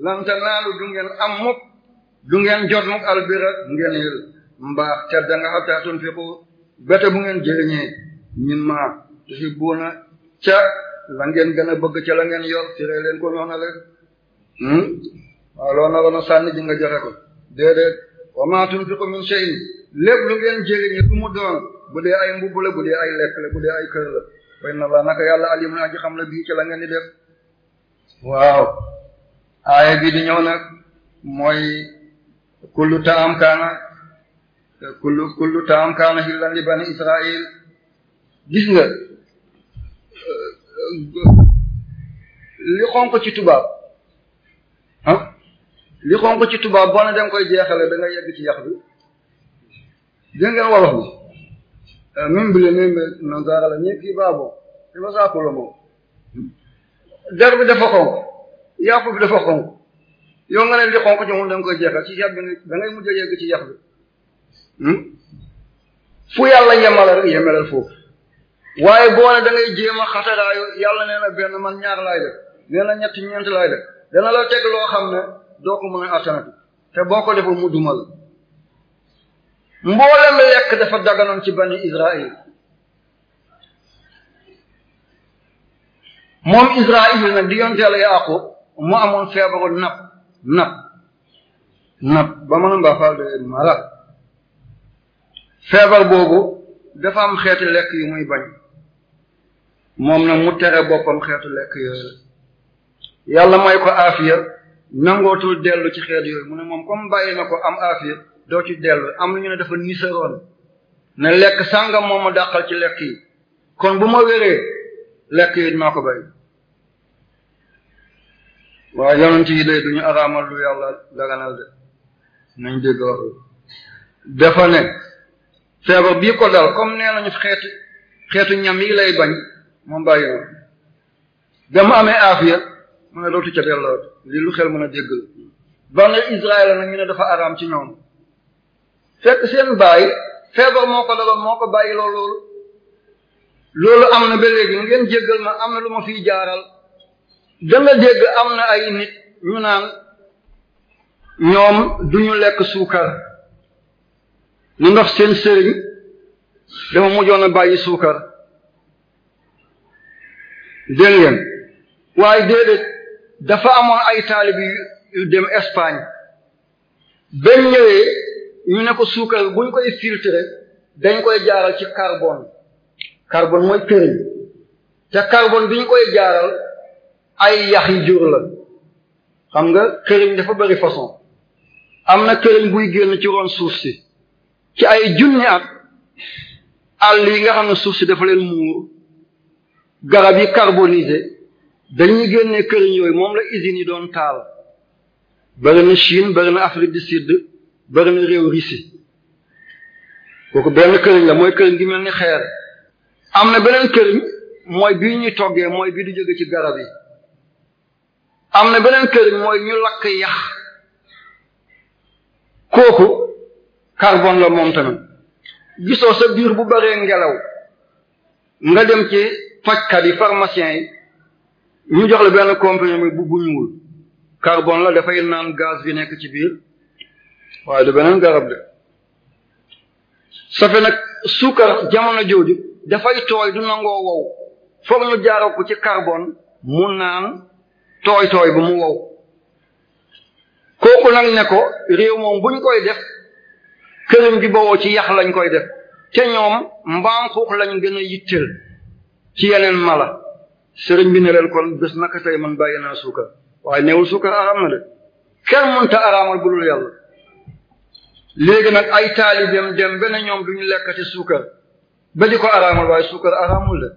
lan tanaalu du ngeen am mukk du ngeen jot mukk albira ngeen yël mbaax te danga xataa tunfiqu bete bu ngeen jëriñee mimmaa tuhibbuuna ca la ngeen gën a bëgg ca la ngeen yor ci leen ko noona leen hmm? waaw loo naroon a sànni ji nga joxe ko wa maa tunfiqu min shay'in lépp lu ngeen jëriñee lu mu doon bu dee ay mbubb la bu dee ay lekk la bu dee ay kër la fay na laa naka yàlla alimun aji xam la bii ca la ngeen di def waaw aaya bi di mooy kullu taam kaana kullu kullu taam kaana hillan li bani israil gis nga euh, li xonq ci tubaab ah li xonq ci tubaab boo ne da koy jeexale da nga ci yax bi dégg ngeen wolof bi euh, même non gaara la ñi kii baabo dafa saakula moom der bi dafa xonq yàpp bi dafa xonk nga leen di xonk ci moom da nga koy jeexal ci yàpp bi da mujj a ci yàpp bi hmm? fu yàlla yemale rek yemalal foofu waaye boo ne da xataraayu yàlla nee na benn man ñaar laay def nee na ñetti ñeent laay def dana la teg loo xam ne doo ko mën a te boo ko deful mu dumal mboolem lekk dafa daganoon ci bani Israël moom Israël nag di yonteela Yaaqub mu amoon feebaru nap nap nap ba mën a mbaafaal de malal feebar boobu dafa am xeeti lekk yi muy bañ moom na mu tere boppam xeetu lekk yooyu yàlla may ko aafiya nangootul dellu ci xeet yooyu mu ne moom comme bàyyi na ko am aafiya doo ci dellu am lu ñu ne dafa nisaroon ne lekk sàngam moom ma dàqal ci lekk yi kon bu ma wéree lekk yi dinaa ko bay waaye yonent yi de duñu araamal lu yàlla daganal de nañ dégg wax dafa ne feebar bii ko dal comme nee nañu xeetu xeetu ñam yi lay bañ moom bàyyi na ba mu amee aafiya mu ne dootu ca delloo lii lu xel mën a dégg la banu Israël na ñu ne dafa araam ci ñoom fekk seen bàyyi feebar moo ko daloon moo ko bàyyi loolu loolu am na ba léegi ngeen jéggal ma am na lu ma fiy jaaral da nga dégg am na ay nit ñu naan ñoom duñu lekk suukar lu ndax seen sëriñ dama mujjoon a bàyyi suukar dégg waaye déedéet dafa amoon ay taalib yu dem Espagne benn ñëwee ñu ne ko suukar buñ koy filtrer dañ koy jaaral ci carbone carbone mooy këriñ te carbone biñ koy jaaral ay yax yi jur la xam nga këriñ dafa bari façon am na këriñ buy génn ci ron suuf si ci ay junni at àll yi nga xam ne suuf si dafa leen muur garab yi carbonisé dañuy génnee këriñ yooyu moom la usines yi doon taal bari na Chine bari na Afrique di Sud bari na réew Russie kooku benn këriñ la mooy këriñ gi mel ni xeer am na beneen këriñ mooy bii ñuy toggee mooy bii di jóge ci garab yi am na beneen kër mooy ñu lakk yax kooku karbon la moom tamit gisoo sa biir bu baree ngelaw nga dem ci fajkat yi pharmacien yi ñu jox la benn comprimé bu bu karbon la dafay naan gaz bi nekk ci biir waaye du beneen garab de safe nag suukar jamono jooju dafay tooy du nangoo wow foog ñu jaaroo ko ci carbone mu naan tooy tooy bu mu wow kooku nag ne ko réew moom buñ koy def këram gi bowoo ci yax lañ koy def te ñoom mbaam xuux lañ gën a yitteel ci yeneen mala sëriñ bi ne leen kon bés naka tey man bàyyi naa suukar waaye neewul suukar araam na de kenn mënta araamal bu dul yàlla léegi nag ay taalibeem dem benn ñoom duñu lekkati suukar ba di ko araamal waaye suukar araamul de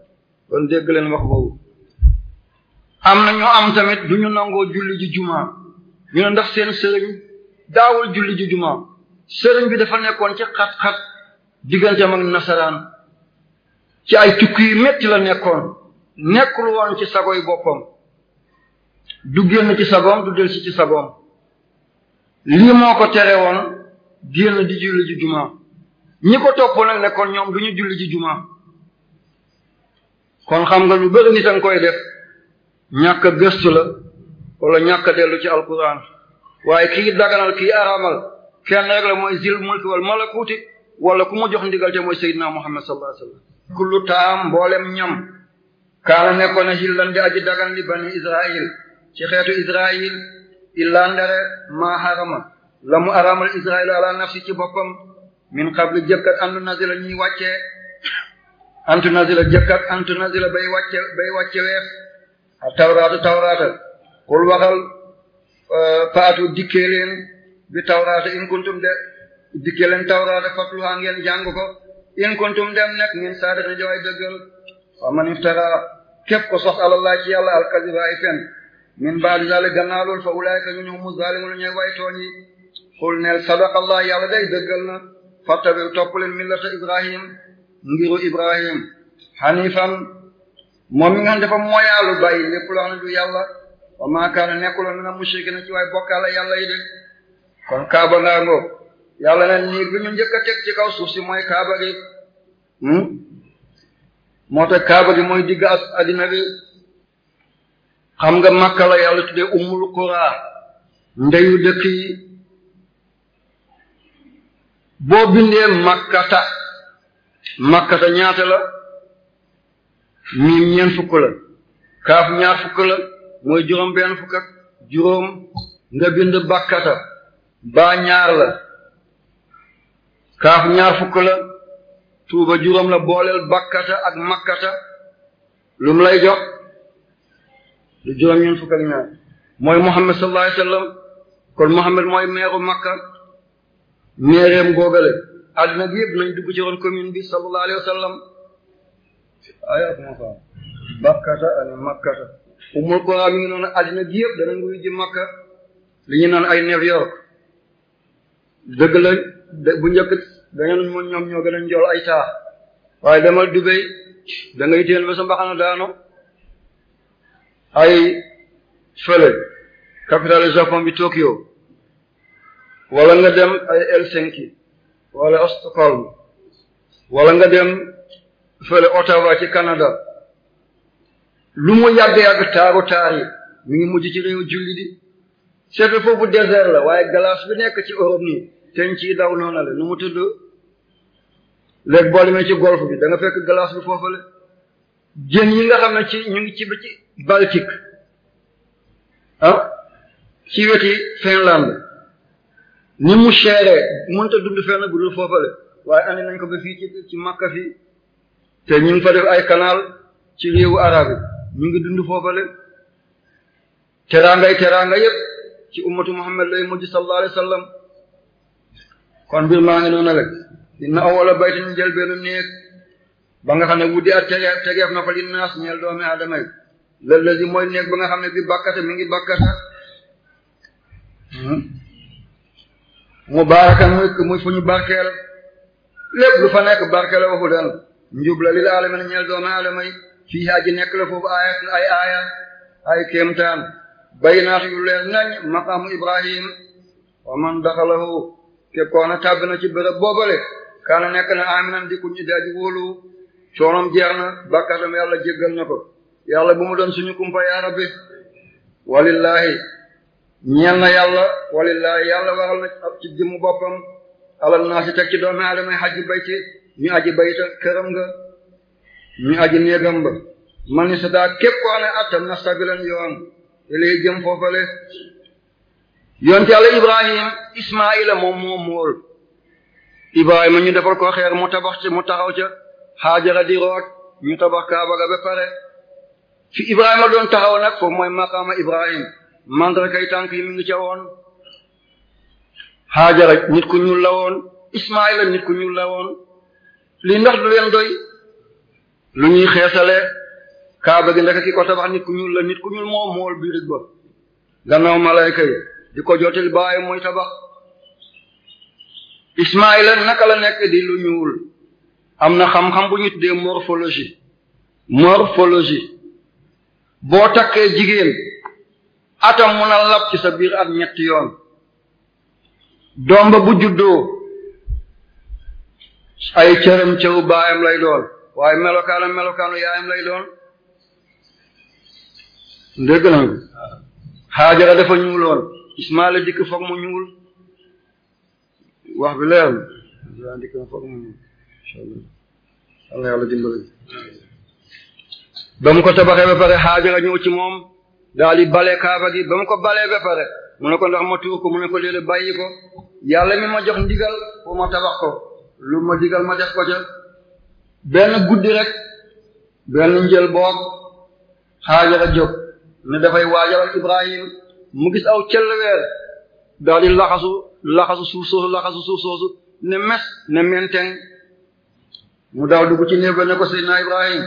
kon dégg leen wax boobu am na ñoo am tamit du ñu nangoo julli ji juma ñu ne ndax seen sëriñ daawul julli ji juma sëriñ bi dafa nekkoon ci xat-xat digganteem ak nasaraan ci ay tukki yu la nekkoon nekkul woon ci sagoy boppam du génn ci sagoom du del si ci sagoom lii moo ko tere woon génn di julli ji juma ñi ko topp nag nekkoon ñoom du ñu julli ji juma kon xam nga lu bëri nit a koy def. ñàkk a gëstu ñàkk dellu ci alquran waaye kii daganal kii araamal kenn rek la mooy zil mulki wal malakuuti wala ku mu jox ndigal te mooy sayyidina muhammad sallallahu alayhi wasallam kullu taam mboolem ñam kaana nekkoon na hillan di aji dagan bani israil ci xeetu israil illaa ndare maa harama la mu araamal israil ala nafsi ci boppam min qabli jëkkat antu nazila ñuy wàccee antu nazila jëkkat antu nazila bay wàcce bay wàcce weef tawraatu tawraata kul waxal eh, faatu dikkee leen bi tawraata in kuntum de dikkee leen tawraata fatluha ngeen jàng ko in kuntum dem nekk ngeen saadata jawaay dëggal wa man iftara képp ko alallah ci yàlla alkaziba ay fen min baadi zalik gannaaw loolu fa ulaayika ñu humu zalimun ñooy way tooñi kul neel sadaqallah yàlla day dëggal na fattabi topp leen millata ibrahim ngiru ibrahim hanifan moom mi nga xam dafa moyaalu bàyyi lépp loo xam ne du yàlla wa kaana nekkuloon mina mushrikiina ci waay bokkaale yàlla yi de kon kaaba ngaa ngoo yàlla na nii bi ñu njëkk a teg ci kaw suuf si mooy kaaba gi hmm? moo tax kaaba gi mooy digg as addina bi xam nga Makka la yàlla tuddee ummul quraa ndeyu dëkk yi boo bindee makkata makkata ñaata la miim ñeent fukk la kaaf ñaar fukk mooy juróom benn fukk juróom nga bind bakkata ba ñaar la kaaf ñaar fukk la tuuba juróom la booleel bakkata ak makkata lu mu lay jox lu juróom ñeent fukk ak ñaar mooy muhammad sallallahu alayhi wasallam kon muhammad mooy meeru makka meereem googale àddina bi yëpp nañ dugg ci woon bi sallallahu alayhi ayat Musa bakkata ani makkata umul qura mi noonu àddina gi yëpp danañ wuyu ji makka li ñu naan ay New York dëgg la bu njëkk dañu ñoom ñoo gën a njool ay taax waaye demal Dubai da ngay téel ba sa mbaxana ay fële capitale Japon bi Tokyo wala nga dem ay Helsinki wala Stockholm wala nga dem fële Ottawa ci Canada lu mu yàgg-yàgg taaru taar yi mi ngi mujj ci réew julli di c'est foofu désert la waaye glace bi nekk ci Europe nii ten ci daw noona nu mu tudd léegi boo demee ci golfe bi danga fekk galaas bi foofu jën yi nga xam ne ci ñu ngi ci ba ci Baltique ah ci weti Finlande ni mu seeree mënta dund fenn bu dul foofu la waaye andi nañ ko ba fii ci ci Makka fii te ñu ngi fa def ay canal ci réewu arabe ñu ngi dund foofale teraangay teraanga yëpp ci ummatu muhammad lay mujj sallallahu alayhi wasallam kon mbir maa ngi noonu rek dina awala baytin njël benn néeg ba nga xam ne wuddi at tege tegeef na fa li naas ñeel doomi aadama yi lëllësi mooy néeg ba nga xam ne bi bakkata mi ngi bakkata hmm. mu baarakan barkeel lépp lu fa nekk barkeel waxu leen njubla lil alamin ñeel doomu aadama yi fii nekk la foofu aaya ay aaya ay kéemtaan baynaat yu leer nañ maqaamu ibrahim wa man daxalahu ke koona na ci bërëb boobale kaana nekk na aminan di kuñ daaji wóolu coonom jeex na bàkkaatam yàlla jéggal na ko bu mu doon suñu kumpa ya rabbi walillahi ñeel na yàlla walillahi yàlla waral na ci jëmmu boppam alal naa si teg ci doomu aadama yi ñu aji bayta këram nga ñu aji néegam ba man sadaa képp ko ane na sabilan yoon lay jëm foofale yonte yàlla ibrahim ismaila moom moom mool ibrahima ñu defal ko xeer mu tabax ci mu taxaw ca xaajara di root ñu tabax kaaba ga ba pare fi ibrahima doon taxaw nag foofu mooy maqaama ibrahim mandarakay tànk yi mi ngi ca woon xaajara nit ku ñuul la woon ismaila nit ku la woon li ndax du leen doy lu ñuy xeesalee kaaba gi ndek ki ko tabax nit ku ñuul la nit ku ñuul moo mool bii ba gannaaw malayka yi di ko jotil baay mooy tabax Ismaïla naka la nekk di lu ñuul am na xam-xam bu ñu tuddee morphologie morphologie boo takkee jigéen atam mun a lab ci sa biir at ñetti yoon doom ba bu juddoo ay cëram cëru baayam lay doon waaye melokaanam melokaanu yaayam lay doon dégg na Haajara dafa ñuuloon Ismaila dikk foog mu ñuul wax bi leer na dikk foog mu ñuul inshallah ba ko tabaxee ba pare Haajara ñëw ci moom daal di bale kaaba gi ba ko balee ba pare mu ne ko ndax ma tuur ko mu ne ko léeg-léeg ko yàlla mi ma jox ndigal pour ma tabax ko lu ma digal ma def ko ca benn guddi rek benn njël boog xaajara jóg ne dafay waajaral Ibrahim mu gis aw cëll weer daal di laxasu laxasu suuf soosu ne mes ne menteng mu daaw dugg ci néeg ba ko Seydina Ibrahim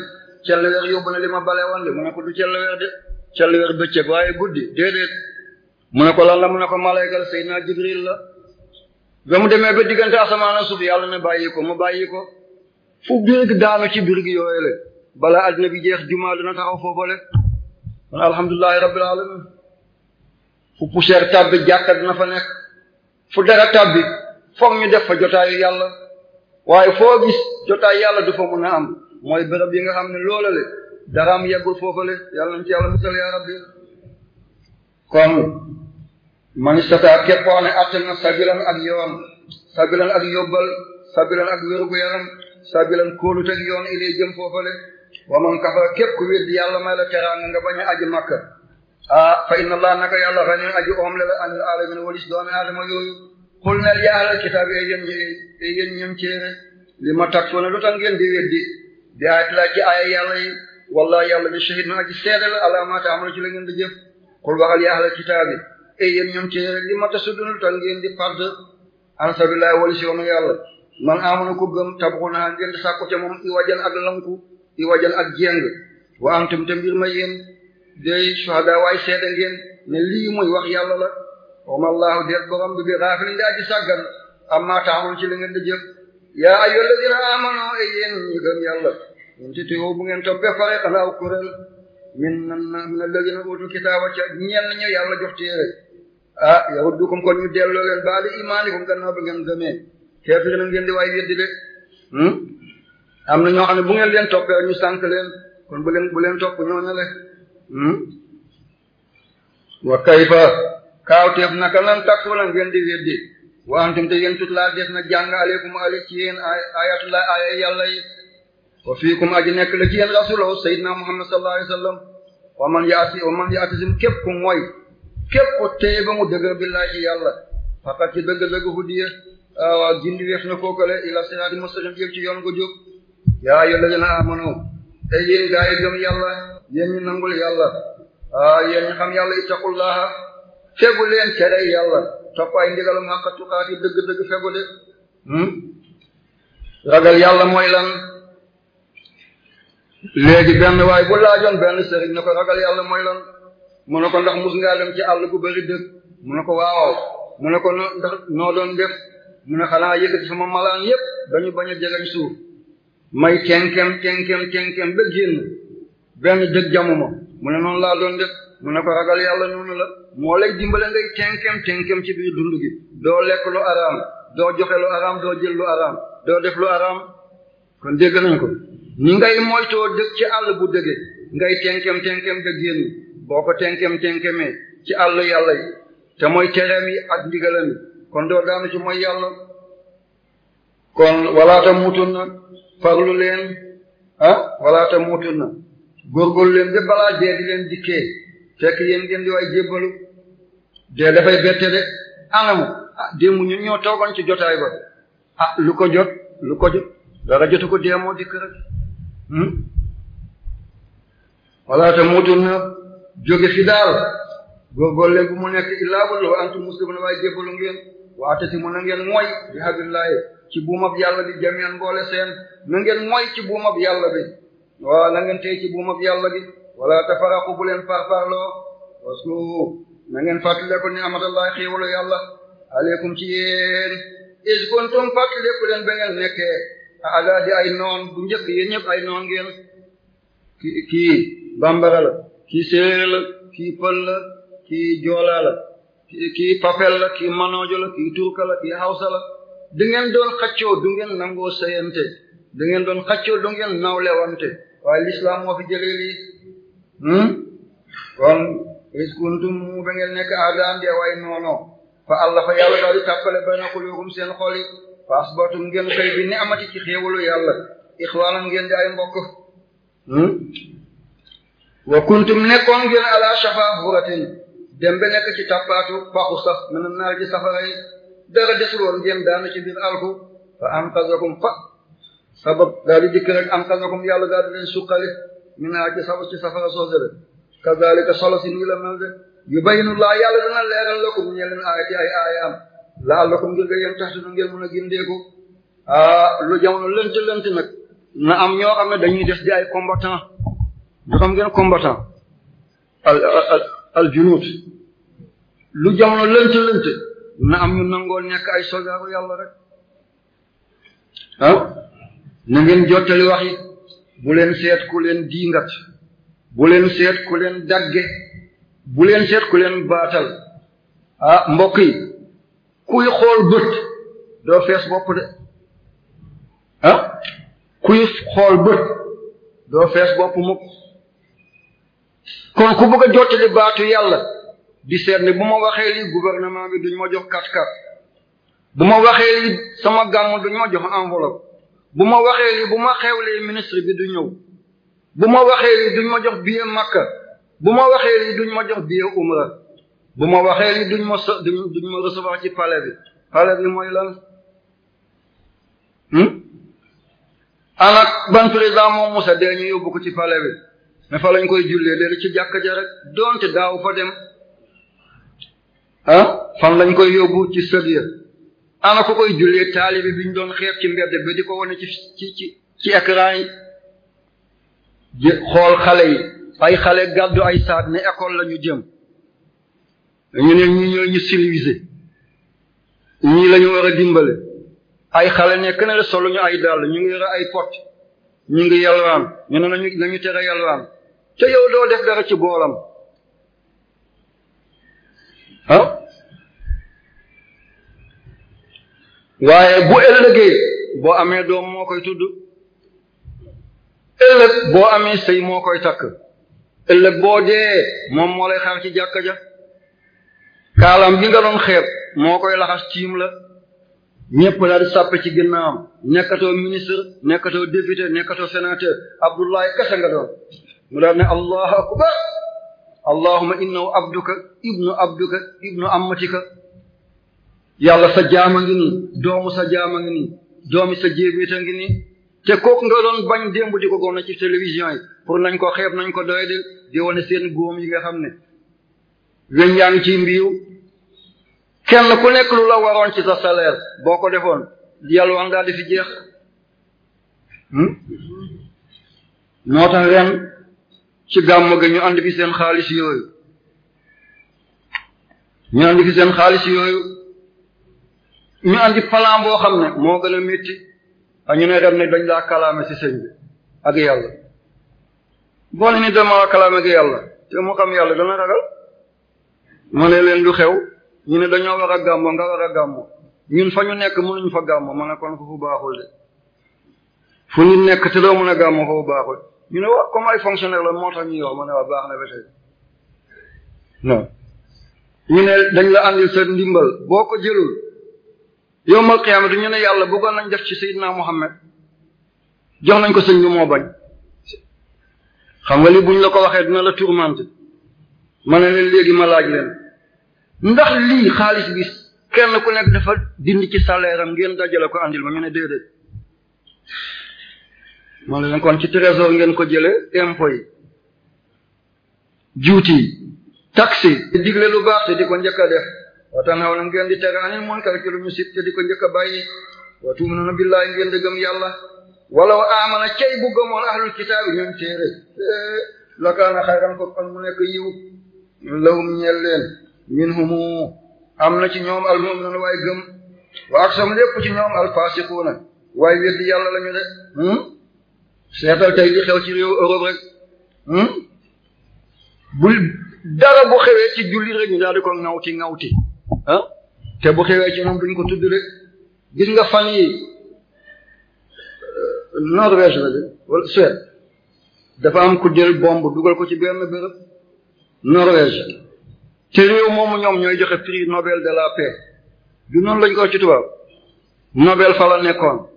cëll weer yóbbu na li ma bale woon de mu ko du cëll weer de cëll weer bëccëg waaye guddi déedéet mu ne ko lan la mu ne ko malaykal Seydina Jibril la ba mu demee ba diggante asamaan ak suuf yàlla ne bàyyi ko mu bàyyi ko fu birig daanu ci birig yooyu la balaa addina bi jeex jumaa dina taxaw foofale kon alhamdulillahi rabbil alamin fu poussière tàbbi jàkka dina fa nekk fu dara tàbbi foog ñu def fa jotaayu yàlla waaye foo gis jotaay yàlla du fa mën a am mooy béréb yi nga xam ne loola le dara am yeggul foofale yàlla nañ ci yàlla musal ya rabbi kon man istata képp koo xam ne attan na sabilan ak yoon sabilan ak yóbbal sabilan ak wérgu yaram sabilan kóolu teg yoon ilay jëm foofale wa man kafara képp ku wéddi yàlla may la teraanga nga bañ a aji makka ah fa inna allah naka yàlla xanin aji oom le la anil alamin walis doomi aadama yooyu xul nel yaa ahlal kitaab e yéen e yéen ñoom céere li ma tag soona lu tax ngeen di weddi bi ayat laa ci aaya yàlla yi wallahi yàlla bi shahid na aji seedal alaamaata amala ci la ngeen di jëf xul waxal yaa ahlal kitaabi te yéen ñoom ci li ma tasu dund ngeen di pàdd an sabilaay wali si yoonu yàlla man amuna ko gëm tabaxu naa ngeen di sàkku moom i wajan ak lanku i wajan ak jéng wa antum te mbir ma yéen day suhada waay seede ngeen ne lii muy wax yàlla la wamallahu deet borom bi bi raafilin daa ji sàggan amma taamul ci li ngeen di jëf yaa ayyul ladina amanu ay yéen ñu gëm yàlla ñun ti tiwo bu ngeen toppee fare xanaaw kuréel min a na ladina utul kitaaba ca ñenn ñu yàlla jox ah yahuddukum kon ñu delloo leen baali imaanikum gannaaw bi ngeen gëmee keefir na ngeen di waay weddi de hmm? am na ñoo xam ne bu ngeen leen toppee ñu sànk leen kon bu leen leen topp ñoo le hmm? wa kayfa kaawteef naka lan takkuwala ngeen di weddi wa antum te yéen tutlaa def na jàng aleykum ale ci yéen ayatullah aya yàlla yi wa fiikum aji nekk la ci yéen rasulahu sayyidina muhammad sallallahu alayhi wa wa man yaati wa man yaati sim képp ku téye dëgër billaay ci faqat ci dëgg-dëgg hudiya waaw gindi weef na kookale ila siraati mustaqim jëm ci yoon ko jóg yaa yo lëgën a amanu te yéen gaa yi gëm yàlla yéen ñu nangul yàlla a yéen ñu xam yàlla ittaqullaha fegu leen tere yàlla topp ay ndigalum xàqa tuqaat yi dëgg-dëgg fegu de hmm? ragal yàlla mooy lan léegi benn waay bu laajoon benn sëriñ ne ko ragal yàlla mooy lan mu ne ko ndax mus ngaa dem ci àll gu bëri dëgg mu ne ko waaw mu ne ko ndax noo doon def mu ne xanaa yëkkati sama malaan yépp dañu bañ a jegañ suuf may tenkem tenkem tenkem ba génn benn dëkk jamuma mu ne noonu laa doon def mu ne ko ragal yàlla noonu la moo lay dimbale ngay tenkem tenkem ci biir dund gi doo lekk lu araam doo joxe lu araam doo jël lu araam doo def lu araam kon dégg nañ ko ni ngay moytoo dëkk ci àll bu dëgge ngay tenkem tenkem ba génn boo ko tenkem-tenkemee ci àll yàlla yi te mooy tereem yi ak ndigalam kon doo daanu moy mooy yàlla kon walaata muutun na farlu leen ah walaata muutun na góorgóorlu leen ba balaa dee di leen dikkee fekk yéen ngeen di waay jébbalu dee dafay bette de anamu ah démb ñun ñoo toogoon ci jotaay ba ah lu ko jot lu ko jot dara jotu ko deemoo dikk rek hmm? walaata muutun na jóge fi daal góorgóorlu mu nekk illaa bu dul antum muslimun waaye jébbalu ngeen waate si mu na ngeen mooy bi hablillaahi ci buumab yàlla bi jamian boole seen na ngeen mooy ci buumab yàlla bi waa na ngeen tey ci buumab yàlla bi wala tafaraqu bu leen farfarloo waskuru na ngeen fàttaliku ni amatallahi xéewalu yàlla aleykum ci yéen is kuntum fàttaliku leen ba ngeen nekk aada ay noon bu njëkk yéen ñëpp ay noon ngeen kii la kii séeréer la kii pël la kii joolaa la kii papel la kii manoojo la kii turka la kii hawsa la doon xaccoo du ngeen nangoo sëyante du ngeen doon xaccoo du ngeen nawlewante waaye l'islam moo fi jëlee lii hmm? kon riskuntum mu ba ngeen nekk aadaan di waaye noono fa allah fa yàlla daal di tàppale bayna quluukum seen xol yi fa ngeen koy bi ni ci xéewalu yàlla ixwaana ngeen di ay mbokk hmm? wa kuntum nekkoon ngeen ala shafa huratin dem ba nekk ci tappaatu paxu saf mën naar ji safara yi dara desuloon ngeen daanu ci biir alku fa anqazakum fa sabab daal di dikk rek anqazakum yàlla daal di leen suqali mi naa ci sabab ci safara soose de kazalika solo si nii la mel de yubayinu laa yàlla dana leeral lakum ñe leen aayati ay aayaam laa lakum ngir nga yem taxtinu ngeen mën a lu jamono lënt lënt nag na am ñoo xam ne dañuy des di ay combattant du xam ngeen combattant al al al junuut lu jamono lënt lënt na am ñu nangoo nekk ay soldaaru yàlla rek ah na ngeen jottali wax yi bu leen seet ku leen diingat bu leen seet ku leen dagge bu leen seet ku leen baatal ah mbokk yi kuy xool bët doo fees bopp de ah kuy xool bët doo fees bopp mukk kon ku bëgg a jottali baatu yàlla di seet ne bu ma waxee lii gouvernement bi duñ ma jox kat-kat bu ma waxee sama gàmm duñ ma jox enveloppe bu ma waxee bu ma xewlee ministre bi du ñëw bu ma waxee lii duñ ma jox billet Makka bu ma waxee lii duñ ma jox billet umra bu ma waxee lii duñ ma duñ ma recevoir ci palais bi palais bi mooy lan hmm? anak ban président moom Moussa dee ñu yóbbu ko ci pale bi mais fa lañ koy jullee léegi ci jàkka ja rek donte daaw fa dem ah fan lañ koy yóbbu ci sëg ya ana ko koy jullee taalibe bi ñu doon xeeb ci mbedd ba di ko wane ci ci ci ci yi xool xale yi ay xale gàddu ay saag ne école lañu jëm ñu ne ñu ñoo ñu civilisé ñii la war a dimbale ay xale nekk na la soluñu ay dàll ñu ngi yore ay pot ñu ngi yalwaan ñu ne nañu nañu tere yalwaan te yow doo def dara ci boolam ah waaye bu ëllëgee boo amee doom moo koy tudd ëllëg boo amee sëy moo koy takk ëllëg boo dee moom moo lay xaar ci jàkka ja kaalam bi nga doon xeeb moo koy laxas tiim la ñëpp la di sàppe ci ginnaawam nekkatoo ministre nekkatoo député nekkatoo sénateur Abdoulaye kese nga doon mu daal ne allahu akbar allahuma innahu abduka ibnu abduka ibnu ammatika yàlla sa jaam a ngi nii doomu sa jaama ngi nii doomi sa jéebéeta ngi nii te kooku nga doon bañ démb di ko goom ci télévision yi pour nañ ko xeeb nañ ko doy di di seen góom yi nga xam ne weñ yaa ngi ci mbiiw kenn ku nekk lu la waroon ci sa salaire boo ko defoon yàlla waan daal di fi jeex hmm? moo tax ren ci gàmm ga ñu andi fi seen xaalis yooyu ñu andi fi xaalis yooyu ñu andi boo xam ne moo gën a métti ak ñu ne dem ne dañ laa kalaame ci sëñ bi ak yàlla boo ne ni dama kalaame ak yàlla te mu xam yàlla dana ragal ma ne leen lu xew ñu ne dañoo war a gàmmoo nga war a gàmmoo ñun fa ñu nekk mënuñu fa gàmmoo ma ne kon foofu baaxul de fu ñu nekk te doo mën a gàmmoo foofu baaxul ñu ne waa comme ay fonctionnaire la moo tax ñu yow ma ne waa baax na ba ñu ne dañ la andil sa ndimbal boo ko jëlul yow mal xiyaamati ñu ne yàlla buggoon nañ def ci Seydina Muhammad jox nañ ko sëñ bi moo bañ xam nga li buñ la ko waxee dina la tourmenté ma ne leen léegi ma laaj leen ndax lii xaalis bi kenn ku nekk dafa dindi ci salaire am ngeen dajale ko andil ma ñu ne déedéet moo leen kon ci trésor ngeen ko jële impôt yi juuti taxi di digle lu baax te di ko njëkk a def watan xaw na ngeen di tere anil munkar ci lu ñu sib te di ko njëkk a bàyyi wa tu'minuna billahi ngeen di gëm yàlla walaw amana cey bu gëmoon ahlul kitaabi ñoom téere lakaana xayran ko kon mu nekk yiw lawum ñeel leen minhumu am na ci ñoom al mu'minuna waaye gëm wa aksamu lépp ci ñoom al fasiquna waaye weddi yàlla lañu de hmm? seetal tey li xew ci réew Europe rek hmm? bu dara bu xewee ci julli rek ñu daal di ko ŋawti ŋawti ah te bu xewee ci ñoom duñ ko tudd rek gis nga fan yi euh, Norvège la wala Suède dafa am ku jël bombe dugal ko ci benn béréb Norvège ci réew moomu ñoom ñooy joxe prix Nobel de la paix du noonu lañ ko ci tubaab Nobel fa nekkoon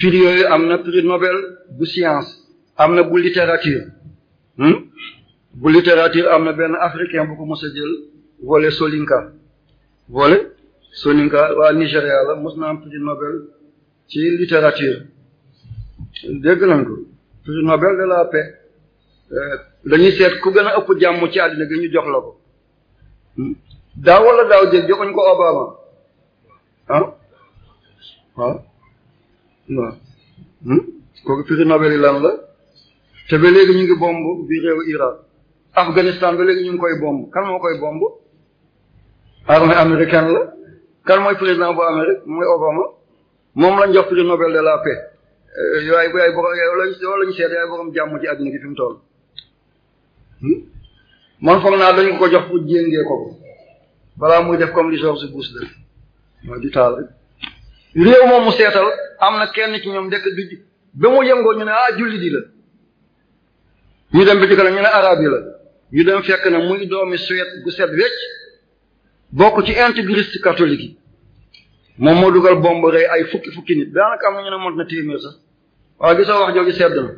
prix yooyu am na prix Nobel bu science am na bu littérature hmm? bu littérature am na benn africain bu ko mos a jël Wole Soyinka Wole Soyinka waa Nigéria la mos na am Nobel ci littérature dégg nañ ko Nobel de la paix euh, dañuy seet ku gën a ëpp jàmm ci àddina gi ñu jox la hmm? daaw wala daaw jël joxuñ ko Obama ah waaw hmm? kooku prix Nobel yi lan la te ba léegi ñu ngi bomb bi réew Irak Afghanistan ba léegi ñu ngi koy bomb kan moo koy bomb armée américaine la kan mooy président bu Amérique mooy Obama moom lañ jox prix Nobel de la paix euh, yooyu yaay borom yow lañ seet yaay borom jàmm ci àdduna gi fi mu toll hmm? man foog naa dañ ko jox pour jéngee ko balaa muy def comme li George Bush def mooy di taal réew moom mu seetal am na kenn ci ñoom dëkk bi ba mu yëngoo ñu ne ah jullit yi la ñu dem bi ci kanam ñu ne arab yi la ñu dem fekk na muy doomi Suède gu set wecc bokk ci intégriste catholique yi moom moo dugal bomb rey ay fukki fukki nit daanaka am na ñu ne mot téeméer sax waaye gisoo wax jooju sedd na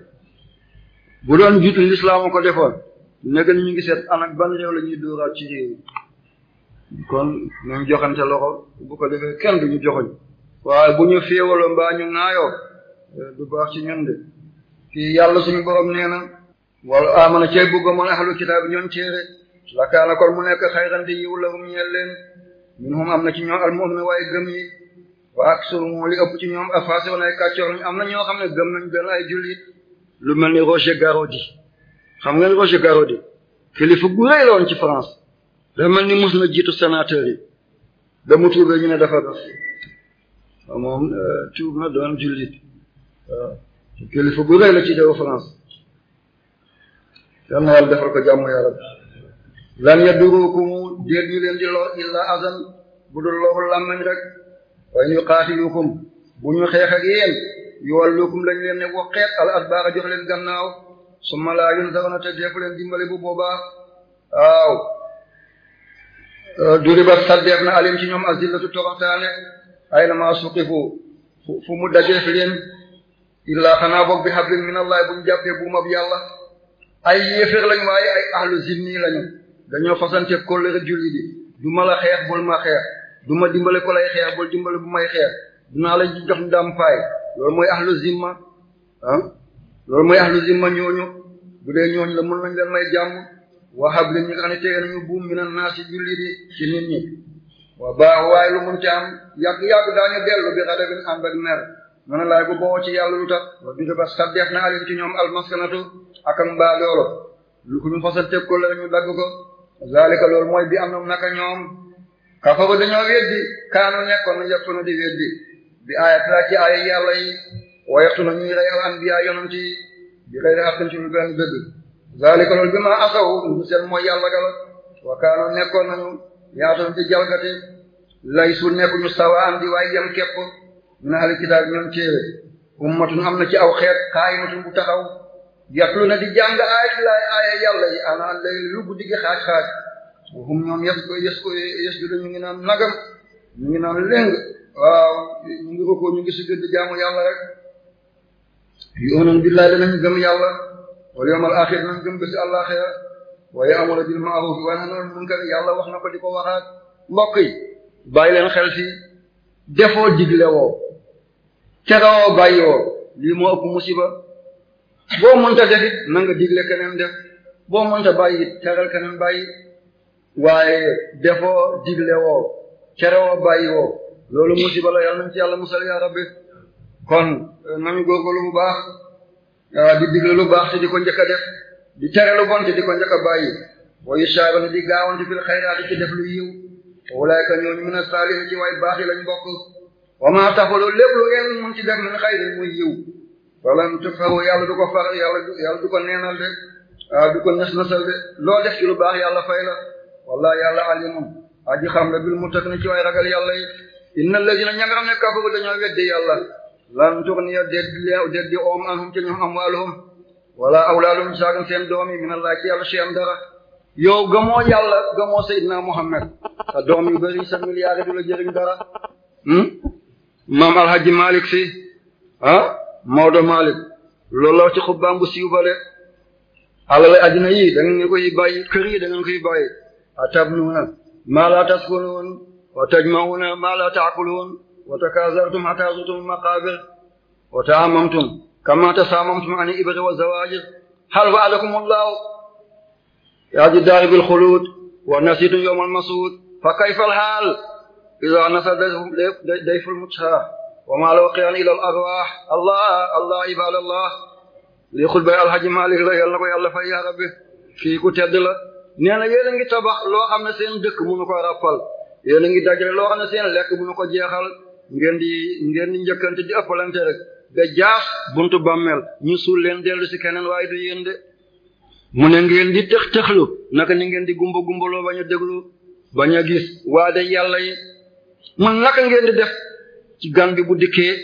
bu doon jiitu lislaam ko defoon nekk ñu ngi seet anak ban réew la ñuy dóoraat ci kon ñu joxante loxo bu ko defee kenn duñu joxoñ waaye bu ñu féewaloo mbaa ñu ŋaayoo du baax ci ñun de kii yàlla suñu borom nee na wala amana cey bugg mën ahlu kitaab ñoon téere lakaana kon mu nekk xayran di yiw lahum ñeel leen minhum am na ci ñoom na waaye gëm yi wa aksuruhum li ëpp ci ñoom a ay kàccoor lañ am na ñoo xam ne gëm nañ benn ay jullit lu mel ni Roger Garaudy xam ngeen Roger Garaudy kilifa gu rëy la woon ci France da mel ni mos na jiitu sénateur yi ba mu ñu ne dafa dof moom tuub euh, na doon jullit waaw kilifa gu rëy la ci réewu France yal na yàlla defal ko jàmm ya rab yadurukum déet ñu di lor illa azan bu dul loru làmmañ rek waaye ñu qaatilukum bu xeex ak yéen yu wallukum lañ leen ne bu xeet al adbaara jox leen gannaaw summa laa yunzaruna te deefu leen dimbale bu boobaa waaw duribat saddeef na alim ci ñoom azillatu toroxtaane aynama suqifu fu fu mu dajeef leen illaa xanaa boog bi hablin na allah bu ñu jàppee bu mab yàlla ay yéeféer lañ waaye ay ahlu zimmi lañu dañoo fasante kóllëre julli bi du ma la xeex bul ma xeex du ma dimbale ko lay xeex bool dimbale bu may xeex naa la jox ndàmpaay loolu mooy ahlu zimma ah loolu mooy ahlu zimma ñooñu bu dee ñooñu la mën nañ leen may jàmm wa hablin ñi nga xam ne téye nañu buum minan naasi julli bi ci nit ñi waaw baax waaye lu mun ci am yàgg-yàgg daañu dellu bi xada bin ànd ak mer laay bu ci yàlla lu tax wa dudu ba sat def na alim ci ñoom almaskanatu ak ak mbaa loolu lu ko ñu fasal teg ko la ñu dagg ko mooy bi am na naka ñoom kafaru dañoo weddi kaanu nekkoon na yàpp na di weddi bi ayatla ci aaya yàlla yi wayextu na ñuy rey al anbiya yonent yi bi xëy na xaqin ci lu benn dëgg zalika loolu bi ma asaw lu seen mooy yàlla gala wa kaanu yaa doon di jalgate lay su nekk ñu sawaan di waaye yem képp min ahli kitaab ñoom téere ummatun am na ci aw xeet qaa'imatun bu taxaw yatlu na di jàng ayat laay aaya yàlla yi ana layl yu guddi gi xaaj xaaj hum ñoom yes ko yes ko yes ko ñu ngi naan nagam ñu ngi naan leng waaw ñu ngi rukoo ñu ngi sujud di jaamu yàlla rek yu'minu billahi danañ gëm yàlla wal yawmal aaxir danañ gëm bés àllaaxira wa ya'muru bil ma'ruf wa yanha 'anil munkar yàlla wax na ko di ko waxaat mbokk yi bàyyi leen xel fi defoo digle woo terewoo bàyyi woo lii moo ëpp musiba boo mënta def it na nga digle keneen def boo mënta bàyyi it teral keneen bàyyi waaye defoo digle woo terewoo bàyyi woo loolu musiba la yàlla nañ ci yàlla musal ya rabbi kon nañu góorgóorlu bu baax di digle lu baax te di ko njëkk a def di tere lu di ko njëkk a bàyyi wa yusaabanu di gaawantu fil xayraati ci def lu yiw walaayka ñooñu min as-saalihiin ci waay baax yi lañ bokk wa maa tafalu lépp lu ngeen mun ci def min xayrin muy yiw walan tufahu yàlla du ko far yàlla du ko neenal de du ko nes de loo def ci lu baax yàlla fay la wallaahi yàlla a aji xam la bil muttaqin ci waay ragal yàlla yi inna allazina ña nga xam ne kafaru dañoo weddi yàlla lan tughniya déet déet di oom anhum ci ñoom amwaaluhum wala awlaalum saagam seen doom yi min allah ci yàlla si am dara yow gëmoo yàlla gëmoo Seydina Muhammad sa doom yu bëri sa milliard du la jëriñ dara hmm? maam alhaji Malick si ah Maodo Malick looloo ci xubbaam bu siiw ba de alal addina yi da ngeen koy bàyyi kër yi da ngeen koy bàyyi atabnuuna maa laa taskunuun wa tajma'uuna maa laa ta'kuluun wa takaasartum hatta zurtum maqaabir wa ta'ammamtum kama tasaamamtum an ibri wa zawaajir hal wa'adakum allahu yaa ji daari bil xuluud wa nasitum yawmal masuud fa kayfa al haal idaa nasa dayful muthaa wa maa law qiran ila al arwaax allah allah ibadallah lii xutbay alhaji Maalik la yàlla na ko yàlla fay yaa rabbi kii ku tedd la nee na yéen a ngi tabax loo xam ne seen dëkk mënu ko ràppal yéen a ngi dajale loo xam ne seen lekk mënu ko jeexal ngeen di ngeen di njëkkante di ëppalante rek ba jaas buntu bàmmeel ñu suul leen dellu si keneen waaye du yéen de mu ne ngeen di tëx tëxlu naka ni ngeen di gumba gumbaloo bañ a déglu bañ a gis waa de yàlla yi man naka ngeen di def ci gan bi bu dikkee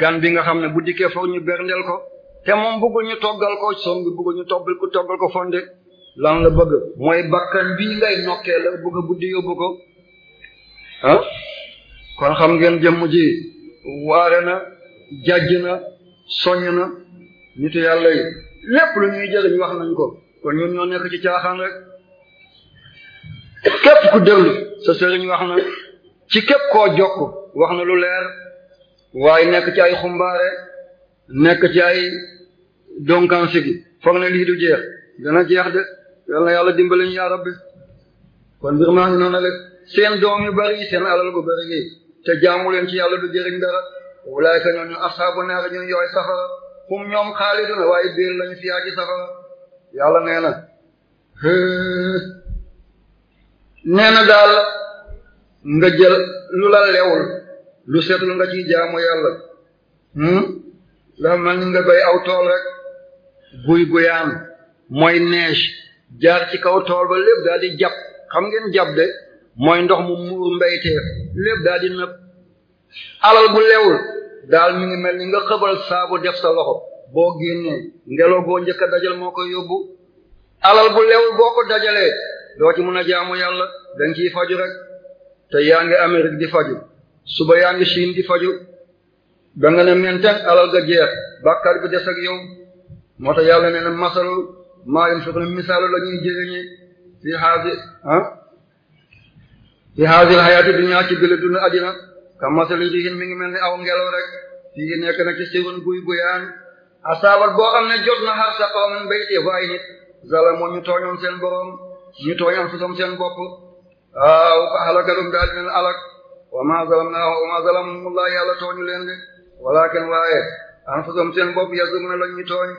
gan bi nga xam ne bu dikkee foog ñu berndeel ko te moom bëggul ñu toggal ko soom bi bëggul ñu toggal ko toggal lan la bëgg mooy bakkan bi ngay nokkee la bëgg a buddi yóbbu ko ah kon xam ngeen jëmm ji waare jàjj na soññ na nitu yàlla yi lépp lu ñuy jëriñ wax nañ ko ko ñun ñoo nekk ci caaxaan rek képp ku déglu sa sëriñ wax na ci képp koo jokk wax na lu leer waaye nekk ci ay xumbaare nekk ci ay donkansi gi foog na lii du jeex dana jeex de yal yàlla dimbali ñu yaa rabbi kon mbir maa ngi noonu rek seen doom yu bari seen alal gu bari gi te jaamu leen ci yàlla du jëriñ dara ulaayka ñoo ñu asxaabu naara ñun yooy safara xum ñoom xaaliduna waaye biir lañu fiyaa ci safara yàlla nee na nee na daal nga jël lu la lewul lu seetlu nga ciy jaamu yàlla hmm? dafa mel ni nga béy aw tool rek guy guyaan mooy neige jaar ci kaw tool ba lépp daal di jàpp xam ngeen jàpp de mooy ndox mu muur mbeyteef lépp daal di nëb alal gu lewul daal mi ngi mel ni nga xëbal saabu def sa loxo boo génnee ngelaw boo njëkk a dajal moo koy yóbbu alal bu lewul boo ko dajalee doo ci mën a jaamu yàlla dañ ciy faj rek te yaa ngi Amérique di faju suba yaa ngi Chine di faju da nga a menten alal ga jeex bàkkaar bi des ak yow moo tax yàlla nee na masalu maa yunfiqu misaalu la ñuy jëriñe fi haasi ah fi haasi al hayaati dunya ci bila dund adina ka masali rihin mi ngi mel ni aw ngelaw rek fii nekk na ci siwun guy guyaan asaabat boo xam ne jot na xar sa xawmen baytee fa ay nit zala moo ñu tooñoon seen boroom ñu tooñoon fusam seen bopp waaw fa halaka dum daal di leen alak wa ma zalamnaa wa ma zalamullah yàlla tooñu leen de walakin waaye anfusam seen bopp yazumuna lañ ñu tooñ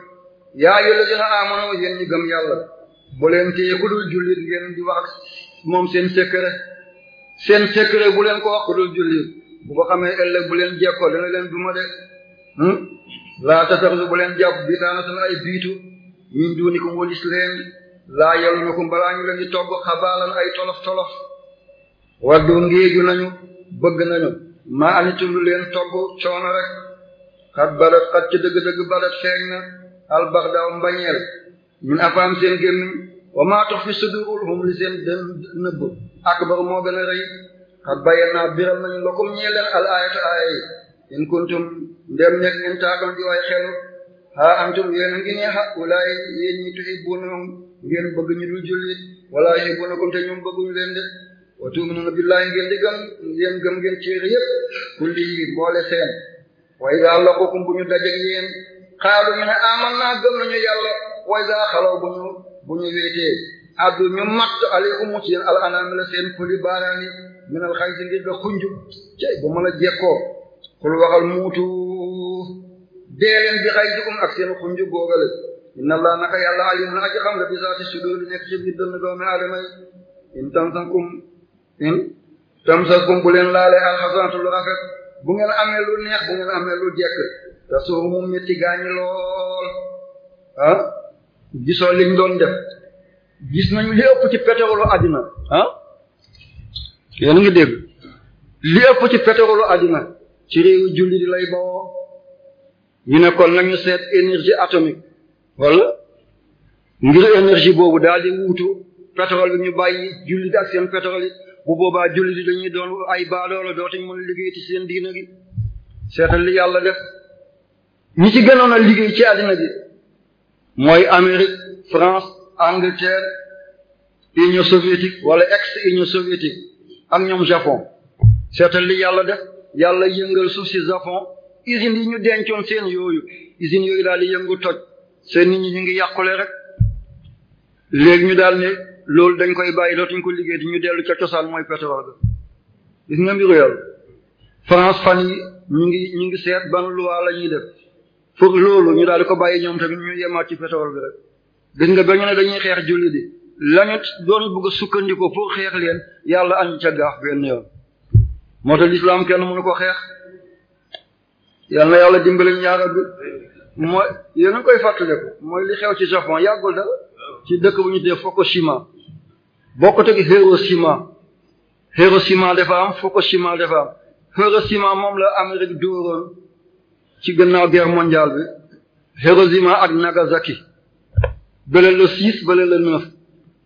yaa yu lazina amanu yéen ñu gëm yàlla bu leen téye ku dul jullit ngeen di wax moom seen secret sen secret bu leen ko wax ku bu ko xamee ëllëg bu leen jekkoo dana leen duma de hmm? laa tatarsu bu leen jàpp bi daana ay biitu min duuni ko laa yalunukum balaa ñu leen di togg xabaalan ay tolof tolof waddu ngéeju nañu bëgg nañu maa anitum leen togg coono rek xat badat xat ca dëgg-dëgg badat feeñ na albaxdaaw mbañeel min afaam seen gémmiñ wa maa tax fi sudurul hum li seen dën nëbb akbar moo gën a rëy xat bayyan naa biral nañu lakum ñee leen al ayata aaya yi in kuntum ndem nekk ngeen taakoon di way xelu haa antum yéen a ngi ne ha ulaay yéen ñi tuhibbuunahum ngeen bëgg ñu dul jullit wala yuhibbuunakum te ñoom bëgguñu leen de wa tu'minuuna billaahi ngeen di gëm gëm ngeen ceer yépp kulli yi boole seen wa izaa laquukum bu ñu dajeek yéen xaalu ñu ne aaman naa gëm nañu yàlla wa izaa xalaw bu ñu bu ñu wéetee addu ñu matt aleykum ci yéen al anaam la seen pëli baaraani minal xay si ngir nga xunju cay ba mën a jekkoo xul waxal muutu dee leen bi xay sikum ak seen xunju googale inna allah naka yàlla alim na aji xam la bi saati sudur nekk ci biir dënn doomi aadama yi in tamsakum in tamsakum bu leen laalee alxasanatu lu rafet bu ngeen amee lu neex bu ngeen amee lu jekk te suumum métti gaañi lool ah gisoo liñ doon def gis nañu li ëpp ci pétrole àddina ah yéen a ngi dégg li ëpp ci pétrole àddina ci réewu julli di lay bawoo ñu ne kon nañu seet énergie atomique wala ngir énergie boobu daal di wuutu pétrole bi ñu bàyyi julli di ak seen pétrole bu boobaa julli di dañuy doon ay baadoola dootu mën a liggéey ci seen diina seetal li yàlla def ñi ci gënoon a liggéey ci àddina bi mooy Amérique France Angleterre Union soviétique wala ex Union soviétique ak ñoom Japon seetal li yàlla def yàlla yëngal suuf si Japon usines yi ñu dencoon seen yooyu usines yooyu daal di yëngu toj seen nit ñi ñu ngi yàqule rek léegi ñu daal ne loolu dañ koy bàyyi dootuñ ko liggéey di ñu dellu ca cosaan mooy pétrole bi gis nga mbiru yàlla France fan yi ñu ngi ñu ngi seet ban loi la ñuy def pour loolu ñu daal di ko bàyyi ñoom tamit ñu yemaat ci pétrole bi rek gis nga ba ñu ne dañuy xeex julli di lañu doon bëgg a pour xeex leen yàlla am ca gaax benn yoon moo tax lislaam na yàlla dimbali ñaara bi koy fàttaliku mooy li xew ci Japon yàggul ci dëkk bu ñu tuddee Fukushima bokkut ak Hiroshima Hiroshima dafa am moom la Amérique dóoroon ci gannaaw guerre mondiale bi Hiroshima ak Nagasaki bële le six bële le neuf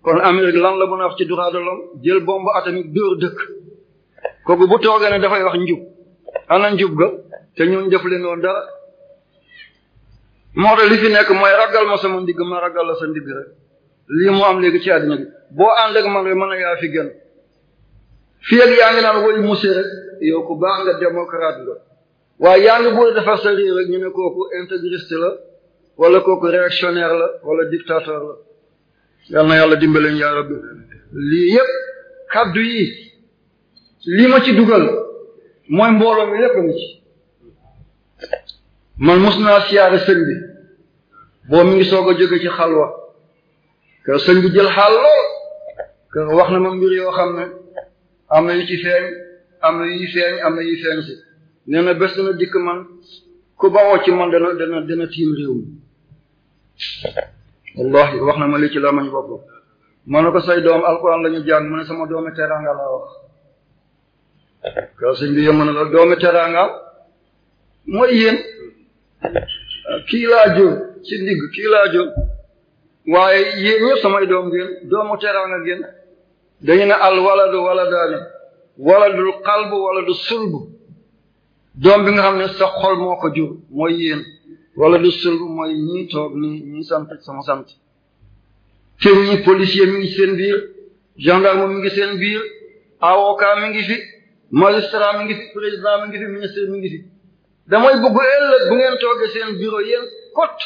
kon Amérique lan la mën a wax ci droit de l'homme jël bombe atomique dóor dëkk kooku bu toogee ne dafay wax njub ana njub ga te ñun def leen woon dara moo tax li fi nekk mooy ragal ma sama ndigg ma ragal la sa ndigg rek lii mu am léegi ci àddina bi boo ànd ak man rek mën a yaa fi gën fii ak yaa ngi naan woy monsieur rek yow ku baax nga démocrate nga waaye yaa ngi bëgg defar sa réew ñu ne kooku intégriste la. wala kooku réactionnaire la wala dictateur la yal na yàlla dimbalen yaa rabbi lii yëpp kaddu yi lii ma ci dugal mooy mbooloo mi lépp nga ci man mos naa siyaare sëñ bi boo mi ngi soog a jóge ci xalwa kër sëñ bi jël xaal lool kër wax na ma mbir yoo xam ne am na yu ci feeñ am na yu feeñ am na yu feeñ si nee na bés dina dikk man ku bawoo ci man dana dana dana tiim réew mi wallahi wax na ma li ci la mañ bopp ma ne ko say doom alquran lañu ñu jàng mu ne sama doomi teraanga la wax ko sëñ bi yëmën na la doomi teraanga mooy yéen kii jur ci ndigg kii jur waaye yéen ñëpp samay doom ngeen doomu teraanga ngeen dañu ne al waladu waladaani waladul qalbu waladu sulbu doom bi nga xam ne sa xol moo ko jur mooy yéen wala du sëlbu mooy ñii toog ni ñii sant sama sant te ñii policier mi ngi seen biir gendarme mi ngi seen biir avocat mi ngi fi magistrat mi ngi fi président mi ngi fi ministre mi ngi fi damay bëgg ëllëg bu ngeen toogee seen bureau yéen kot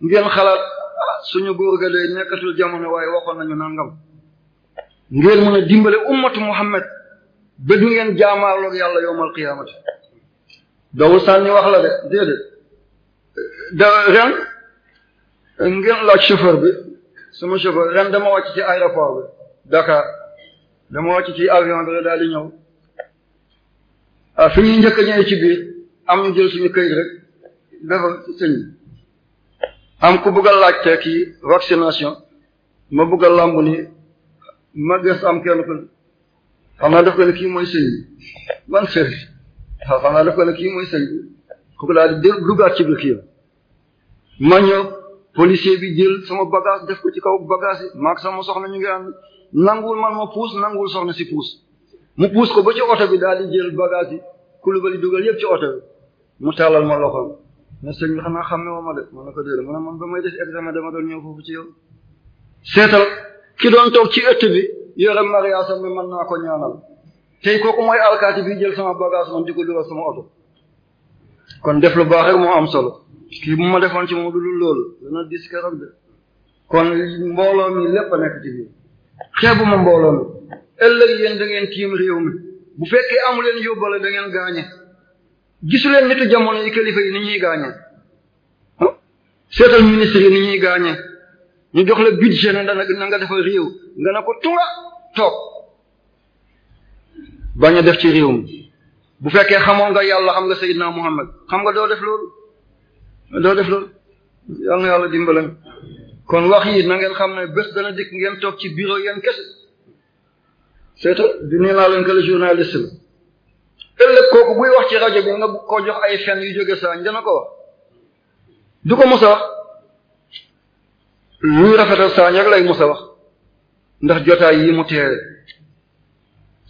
ngeen xalaat ah, suñu góor ga dee nekkatul jamono waaye waxoon nañu nangam ngeen mën a dimbale ummatu Muhammad ba du ngeen jaamaarloog yàlla yowmal qiyaamati dawul sànni wax la de déedéet ren ngeen laaj chauffeur bi sama chauffeur ren dama wàcc ci aéroport bi Dakar dama wàcc ci avion bi daal di ñëw ah fi ñuy njëkk a ñëwee ci biir am ñu jël suñu këyit rek dafa sëñ am ku bëgg a laajte kii vaccination ma bëgg a làmb ma gës am kenn ku xam naa kii mooy sëñ bi man sëriñ waaw ah, xam kii mooy sëñ bi kooku daal di duggaat ci biir kii ma ñëw policier bi jël sama bagage def ko ci kaw bagage yi sama soxna ñu ngi ànd nanguwul man ma puus nanguwul soxna si puus mu puus ko ba ci oto bi daal di jël bagage yi kulubali dugal yëpp ci oto bi mu tàllal ma loxo mais sëñ bi xanaa xàmme woo ma de ma ne ko déedéet ma ne man ba may def examen dama doon ñëw foofu ci yow seetal ki doon toog ci ëtt bi yore mariage am mi naa ko ñaanal tey kooku mooy alkaati bi jël sama bagage man di ko dugal sama oto kon def lu baax rek moo am solo kii bu ma defoon ci moom lu dul loolu dana dis keroog de kon mbooloo mi lépp a nekk ci biir xeebu ma mbooloo mi ëllëg yéen da tiim réew mi bu fekkee amu leen yóbbale da ngeen gaañe gisu leen nitu jamono yi kilifa yi ni ñuy gaañe seetal ministre yi ni ñuy gaañe ñu jox la budget na dana nga defal réew nga ne ko tura toog bañ a def ci réew mi bu fekkee xamoon nga yàlla xam nga Seydina Muhammad xam nga doo def loolu doo def loolu yal na yàlla dimbale kon wax yi na ngeen xam ne bés dana dikk ngeen toog ci bureau yeen kese seeta du nii laa leen que le journaliste la ëllëg kooku wax ci rajo bi nga ko jox ay fen yu jóge saañ dana ko wax du ko mos a wax luy rafetal saañ rek lay mos wax ndax jotaay yi mu teere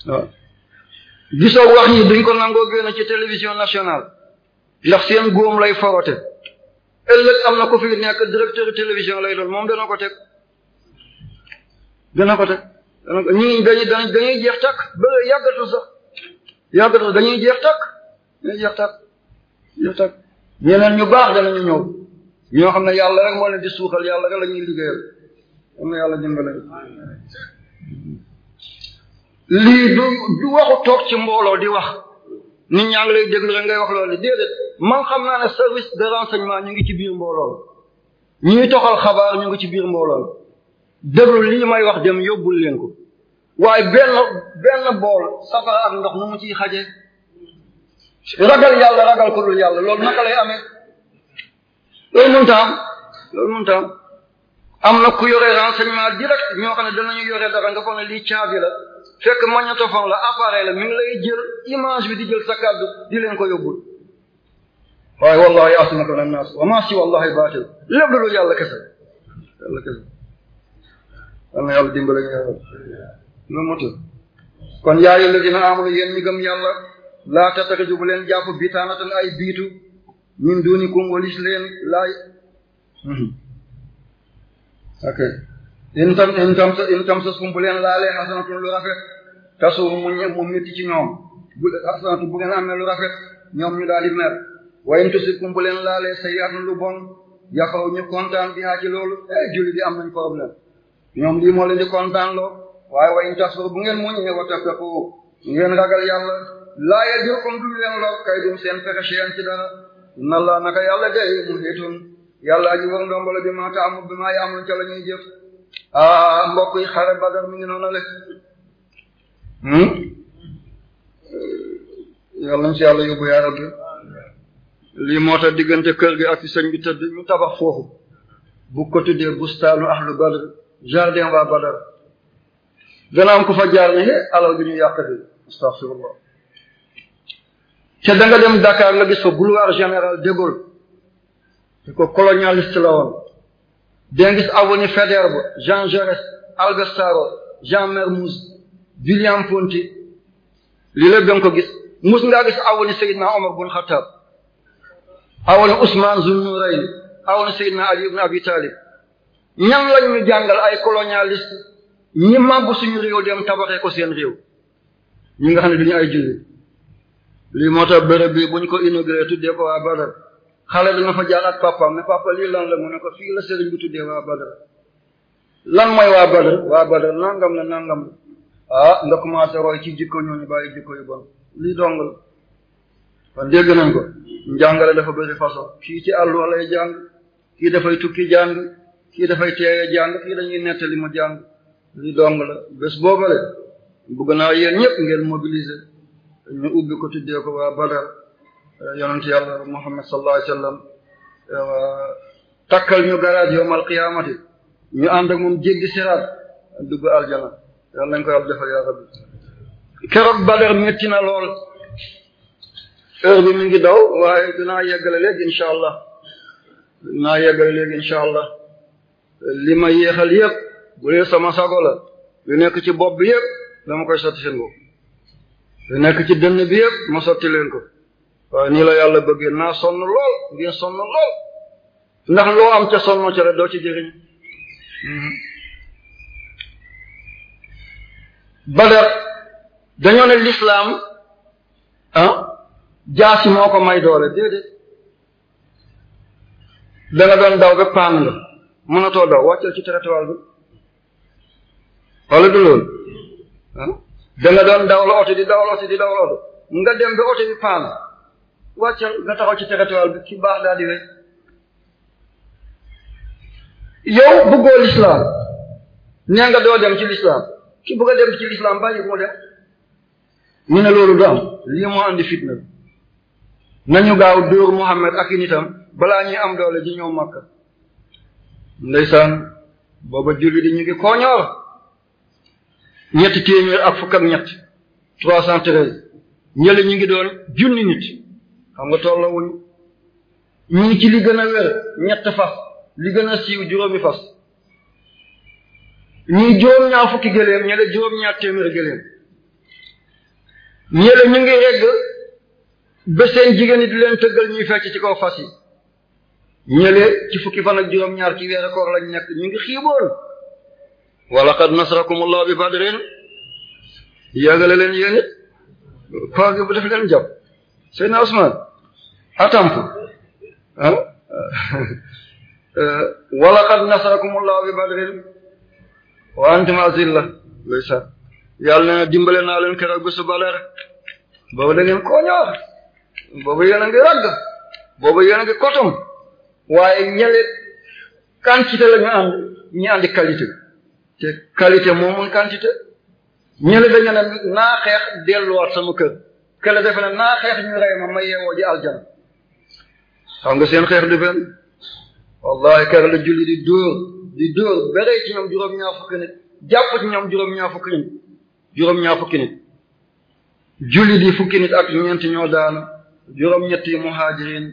waaw gisoo wax yi duñ ko nangoo génn ci télévision nationale ndax seen góom lay forote ëllëg am na ku fi nekk directeur télévision lay doon moom dana ko teg dana ko teg dana ko ñi dañuy dañuy jeex takk ba yàggatu sax yàggatu dañuy jeex takk dañuy jeex takk jeex takk ñeneen ñu baax danañu ñëw ñoo xam ne yàlla rek moo leen di suuxal yàlla rek la ñuy liggéeyal am na yàlla jëngale lii du du waxu toog ci mbooloo di wax nit ñaa ngi lay déglu rek wax loolu déedéet man xam naa ne service de renseignement ñu ngi ci biir mbooloo ñuy toxal xabaar ñu ngi ci biir mboolool déglu lii may wax dem yóbbul leen ko waaye benn bool safara ak ndox nu mu ciy xaje ragal yàlla ragal ko yàlla loolu naka lay amee loolu am loolu mënta am na ku yore renseignement direct ñoo xam ne danañu yore dara nga foog ne lii caabi la fekk magnétophone la appareil la mi ngi lay jël image bi di jël sa kàddu di leen ko yóbbul waaye wallahi asimaka min annaas wa ma si wallahi baatil lépp lu yàlla kese yàlla kese yal lu mutu kon yaa ayyuhallazina amanu yéen ñi gëm yàlla laa tattaxidu bu leen jàpp bitaanatan ay biitu min dunikum walis leen laay hmm. ok in tam in tam in tam saskum leen laalee xasanatun lu rafet tasum mu mu métti ci ñoom bu xasanatu bu ngeen amee lu rafet ñoom ñu daal di mer wa in tusibkum bu leen laalee sayyi'atun lu bon yafaw ñu kontaan bi haa ci loolu eh julli bi am nañ problème ñoom lii moo leen di kontaan loo waaye wa in tasbir bu ngeen muñee wa tattaqu ngeen ragal yàlla laa yajurkum duñ leen lor kaydum seen pexe seen ci dara inna laa naka yàlla day muhiitun yàlla aji war ndombala bi ma taamu bi ma yaamun ca la ah mbokk yi xare Badar mi ngi noonu la hmm? eh, yàlla ci yàlla yóbbu yaa rabbi lii moo tax diggante kër gi ak fi sëñ bi tëdd ñu tabax foofu bu ko tuddee bustaanu ahlu Badar jardin waa Badar dana am fa jaar ne alaw gi ñu yàq fi astaghfirullah te da nga dem Dakar nga gis fa boulevard général de Gaulle ko colonialiste la woon danga gis avenue Faidherbe Jean Jaurès Albert Sarraut Jean Mermoz William Ponty lii lépp danga ko gis mus ngaa gis avenue Seydina Omar bun Khattab avenue Ousmane Zounourayn avenue Seydina Ali ibn Abi Talib ñan lañ ñu jàngal ay colonialiste ñi màbb suñu réew dem tabaxee ko seen réew ñi nga xam ne duñu ay jullit lii moo bërëb bi buñ ko inauguré tuddee ko waa Badar xale bi nga fa jaar ak papaam ne lan la mu ne ko fii la sëriñ bi tuddee waa Badr lan mooy waa Badr nangam la nangam la ah nga commencé roy ci jikko ñooñu bàyyi jikko yu bon lii dong la kon dégg nañ ko njàngale dafa bëri façon kii ci àll lay jàng kii dafay tukki jàng kii dafay teeye jàng kii dañuy nettali mu jàng lii dong la bés boobale bëgg naa yéen ñëpp ngeen mobiliser ñu ubbi ko tuddee ko waa Badar yonent yàlla Muhammad sallallahu alayhi wasallam takkal ñu garaaj yawmal qiyaamati ñu ànd ak moom jéggi siraat dugg aljana yàlla nañ ko yàlla defal yaa rabbi keroog Badar métti na lool heure bi mi ngi daw waaye dinaa yeggale léegi incha allah dinaa yeggale léegi incha li ma yéexal yëpp bu dee sama sago la lu nekk ci bopp bi yëpp dama koy sotti seen bopp lu nekk ci dënn bi yëpp ma sotti leen ko waaw nii la yàlla bëggee naa sonn lool ngeen sonn lool ndax loo am ca sonn ca rek doo ci jëriñ mhm. badar dañoo ne lislaam jaas ah, jaasi moo ko may doole déedéet da nga doon daw ba paan nga mënatoo daw wàccal ci territoire bi wala du loolu ah da nga doon daw la oto di daw la oto di daw la nga dem ba oto bi paan wàccal nga ci territoire bi ci baax daal di wey yow bëggoo l'islam nee nga doo dem ci l'islam ki bëgg dem ci l'islam bàyyi ko dem ñu ne loolu du am lii moo andi fitna bi nañu gaaw dóor Muhammad ak i nitam balaa ñuy am doole ji ñëw Makka ndeysaan booba julli di ñu ngi kooñoor ñetti téeméer ak fukk ak ñett trois cent treize ñële ñu ngi doon junni nit xam nga tolloowuñu ñu ci li gën a wér ñett fa li gën a siiw juróomi fas ñii juróom-ñaar fukki gëléem ñele juróom-ñaar téeméer gëléem ñele ñu ngi regg ba seen jigéen di leen tëggal ñuy fecc ci kaw fas yi ñele ci fukki fan ak juróom-ñaar ci weeru koor lañ nekk ñu ngi xiiboon walaqad nasrakumullahu bi badrin yàggale leen yéen it koor gi bu def leen jàpp Seydina Ousmane atamtu ah walaqad nasarakumullahu bi badrin wa antum azilla laysa yàlla na dimbale naa leen keroog bésu Badar boobu da ngeen koo ñor boobu yéen a ngi ragg boobu yéen a ngi kotom waaye ñële quantité la ñu ànd ñu àndi qualité te qualité moo mun quantité ñële dañu ne naa xeex delluwaat sama kër kële defe ne naa xeex ñu rey ma ma yeewoo xam nga seen xeex du benn wallahi kar la julli di dóor di dóor berey ci ñoom juróom-ñaar fukki nit jàpp ci ñoom juróom-ñaar fukki nit juróom-ñaar fukki nit julli di fukki nit ak ñeent ñoo daanu juróom-ñett yi muhajirin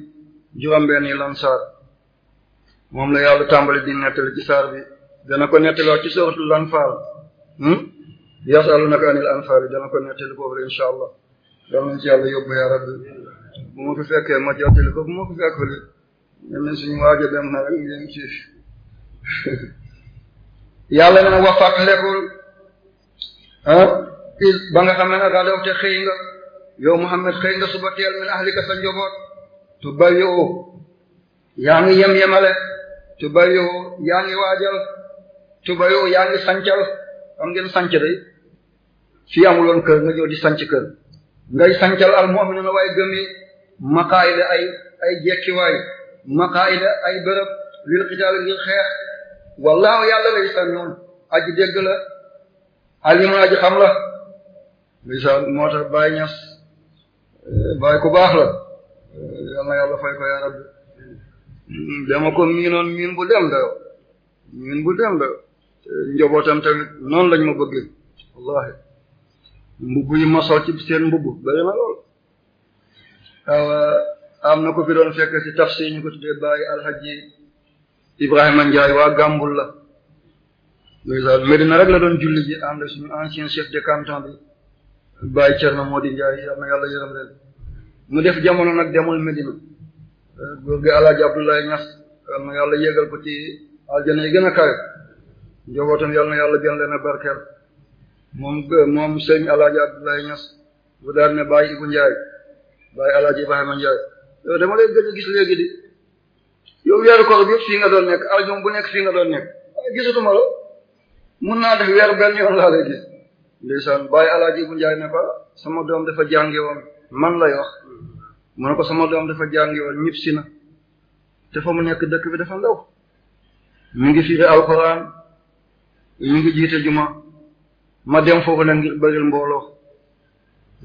juróom-benn yi lansaar moom la yàlla tàmbali di nettali ci saar bi dana ko nettali wax ci suratul anfaal hmm? yasalunaka anil anfaal dana ko nettali boobu la incha allah yal nañ ci yàlla yóbbu ya rabbi bu ma ko fekkee ma jottali ko bu ma ko fekkul ñoom suñu waajo dem na rek ngeen ci yàlla na wax fàttalekul ah ba nga xam ne nag daal te xëy nga yow Muhammad xëy nga suba teel min ahlika sa njaboot tu bayyoo yaa ngi yem yemale tu bayyoo yaa ngi waajal tu bayyoo yaa ngi sancal am ngeen sanc day fii amuloon kër nga ñëw di sanc kër ngay sancal al mu'minuna waaye gëm yi maqaayida ay ay jekkiwaay maqaayida ay bërëb lil xitaal ngir xeex wallaahu yàlla lay samiun aji dégg la alimun aji xam la lisaan moo tax Baay Ñas eh, Baay ku baax la eh, yàlla fay ko yaa rabbi dama ko miinoon miin bu dem dayo miin bu dem dayo njobootam tamit noonu lañ mu bëggee wallahi mbubb yi ma sol ci seen mbubb na lool am na ko fi doon fekk ci tafsir ñu ko tuddee Baye Alhaji Ibrahima Ndiaye waa Gambul la loolu Medina rek la doon julli ji am na suñu ancien chef di canton bi Baye Thierno Modi Ndiaye yal na yàlla yërëm leen mu def jamono nag demul Medina góor gi Alhaji Abdoulaye Niass yal na yàlla yégal ko ci aljana yi gën a kawe njabootam yàlla gën leen a barkeel moom moom sëñ Alhaji bu daal ne Baye Ibou Ndiaye. bàyyi alaaji Ibrahima Njaay yow dama lay gëj gis léegi di yow weeru koor bi fii nga doon nekk aljum bu nekk fii nga doon nekk waaye gisatuma la mun naa def weer benn yoon laa lay gis ndeysaan bàyyi alaaji bu Njaay ne ko sama doom dafa jàngi woon man la wax mu ne ko sama doom dafa jàngi woon ñib na te fa mu nekk dëkk bi dafa ndaw mi ngi firi alquran mi ngi jiite juma ma dem foofu nag ngir bëggal mbooloo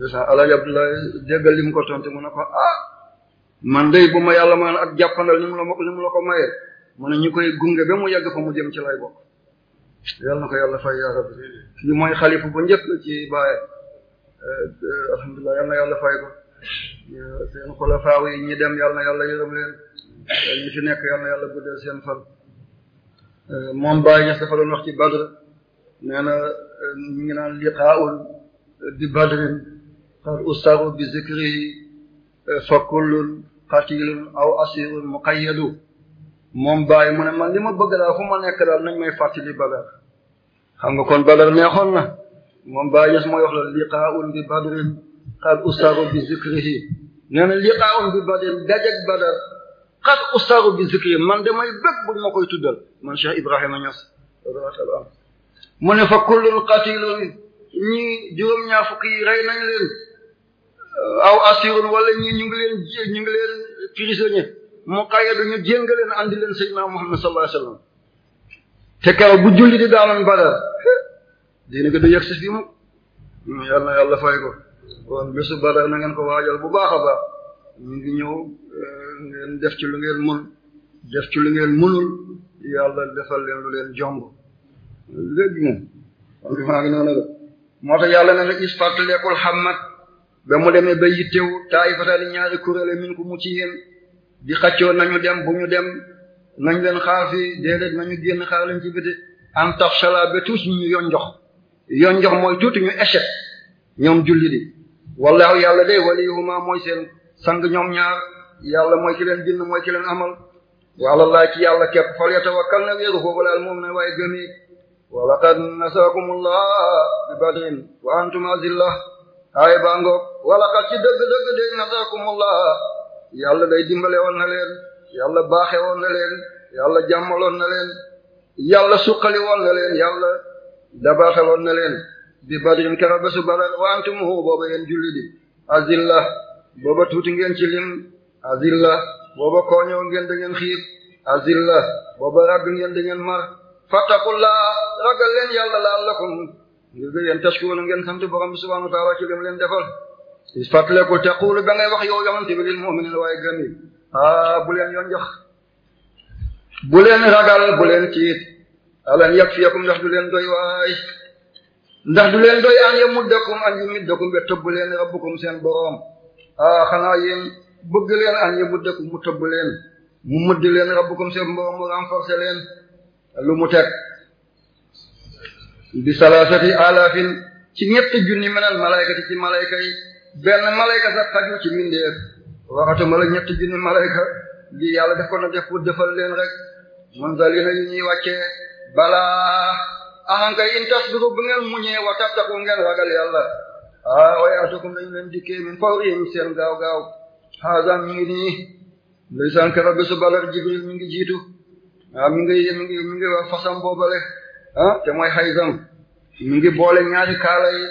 dèjà alaaj abdoulaye déggal li mu ko tontu mu ne ko ah man day bu ma yàlla man ak jàppandal ni mu la ni ko mayee mu ne ñu koy gunge ba mu yàgg fa mu jëm ci lay bokk yàlla na ko yàlla fay yaa rabbi kii mooy xalifa bu njëkk ci bàyye eh, alhamdulilah yàlla na yàlla fay ko seen xulafaaw yi ñi dem yàlla na yàlla yërëm leen ñi fi nekk yàlla na yàlla guddal seen fan eh, moom Baye Niass dafa doon wax ci Badr nee eh, ñu ngi naan liqaa'ul bi Badrin qad ustaru bi zikrihi eh, fa kullun qatilun aw asirun muqayyadu moom bàyyi mu ne man li ma bëgg daal fu ma nekk daal nañ may fàttali badar xam nga kon badar neexoon na moom bàyyi ñes mooy wax la liqaaun bi badrin qad ustaru bi zikrihi nee na liqaaun bi badrin dajeg badar qad ustaru bi zikrihi man damay bëgg buñ ma koy tuddal man Cheikh Ibrahima Ñas radiyallahu anhu mu ne fa kullun qatilun ñii juróom-ñaar fukk yi rey nañ leen aw asirun wala ñi ñu ngi leen ñu ngi leen prisonnier mu xayyadu ñu jéng leen andi leen sayyidina Muhammad sallallahu alayhi wasallam te kaw bu julli di daanoon Badar dina ko du yegg si fi mu yal na yàlla fay ko kon bésu Badar na ngeen ko waajal bu baax a baax ñu ngi ñëw eh, ngeen def ci lu ngeen mën def ci lu ngeen mënul yàlla defal leen lu leen jomb léegi moom maa ngi noonu la moo tax yàlla la is ba mu demee ba yittewu taayifatan ñaari kuréel minkum ci yéen di xaccoo nañu dem bu ñu dem nañ leen xaar fii déedéet nañu génn xaar leen ci biti an tafshala ba tuuti ñu yoon jox yoon jox mooy tuuti ñu échec ñoom julli di wallahu yàlla day waliyuhuma mooy seen sang ñoom ñaar yàlla mooy ki leen bind mooy ki leen amal wala laa ci yàlla képp fal yatawakkal na wéeru foofu laal moom na waaye gëmi walaqad nasarakumullah bi badrin wa antum azillah ay ba ngoog wala xat ci dëgg-dëgg de nasarakumullah yàlla day dimbale woon na leen yàlla baaxe woon na leen yàlla jàmmaloon na leen yàlla suqali woon na leen yàlla dabaaxe woon na leen bi badrin kera bésu badar wa antum hu booba yéen julli di azilla booba tuuti ngeen ci lim azilla booba kooñëw ngeen da ngeen xiib azilla booba ragg ngeen da ngeen mar fattaqullaa ragal leen yàlla laalakum ngir da ngeen tashkuru ngeen sant borom bi subhanahu wa ta'ala ci dem leen defal fàttaleku taqulu ba ngay wax yow yamante bi lil mu'minin waaye gëm yi a ah, bu leen yoon jox bu leen ragal bu leen tiit alan yakfiyakum ndax du leen doy waay ndax du leen doy an yamuddakum an yumiddakum be tëbb leen rabbukum seen boroom a ah, xanaa yéen leen an yamuddakum mu tëbb leen mu mëdd leen rabbukum seen boroom mu renforcer leen lu mu teg bi salaasati alaafin ci ñetti junni menal malaykati ci malayka yi benn malayka sax xaju ci mindeef waxatu mala ñetti junni malayka lii yàlla def ko na def pour defal leen rek munzalina yu ñuy wàccee balaa ahankay in tasbiru bu ngeen muñee wa tattaqu ngeen ragal yàlla ah waaye atukum dañu leen dikkee min fawrihim seen gaaw gaaw haza mi ngi nii ndeysaan keroog bisu Badar Jibril mi ngi jiitu ah mi ngi mi ngi mi fasam boobale ah te mooy xayzam mu ngi boole ñaari kaala yi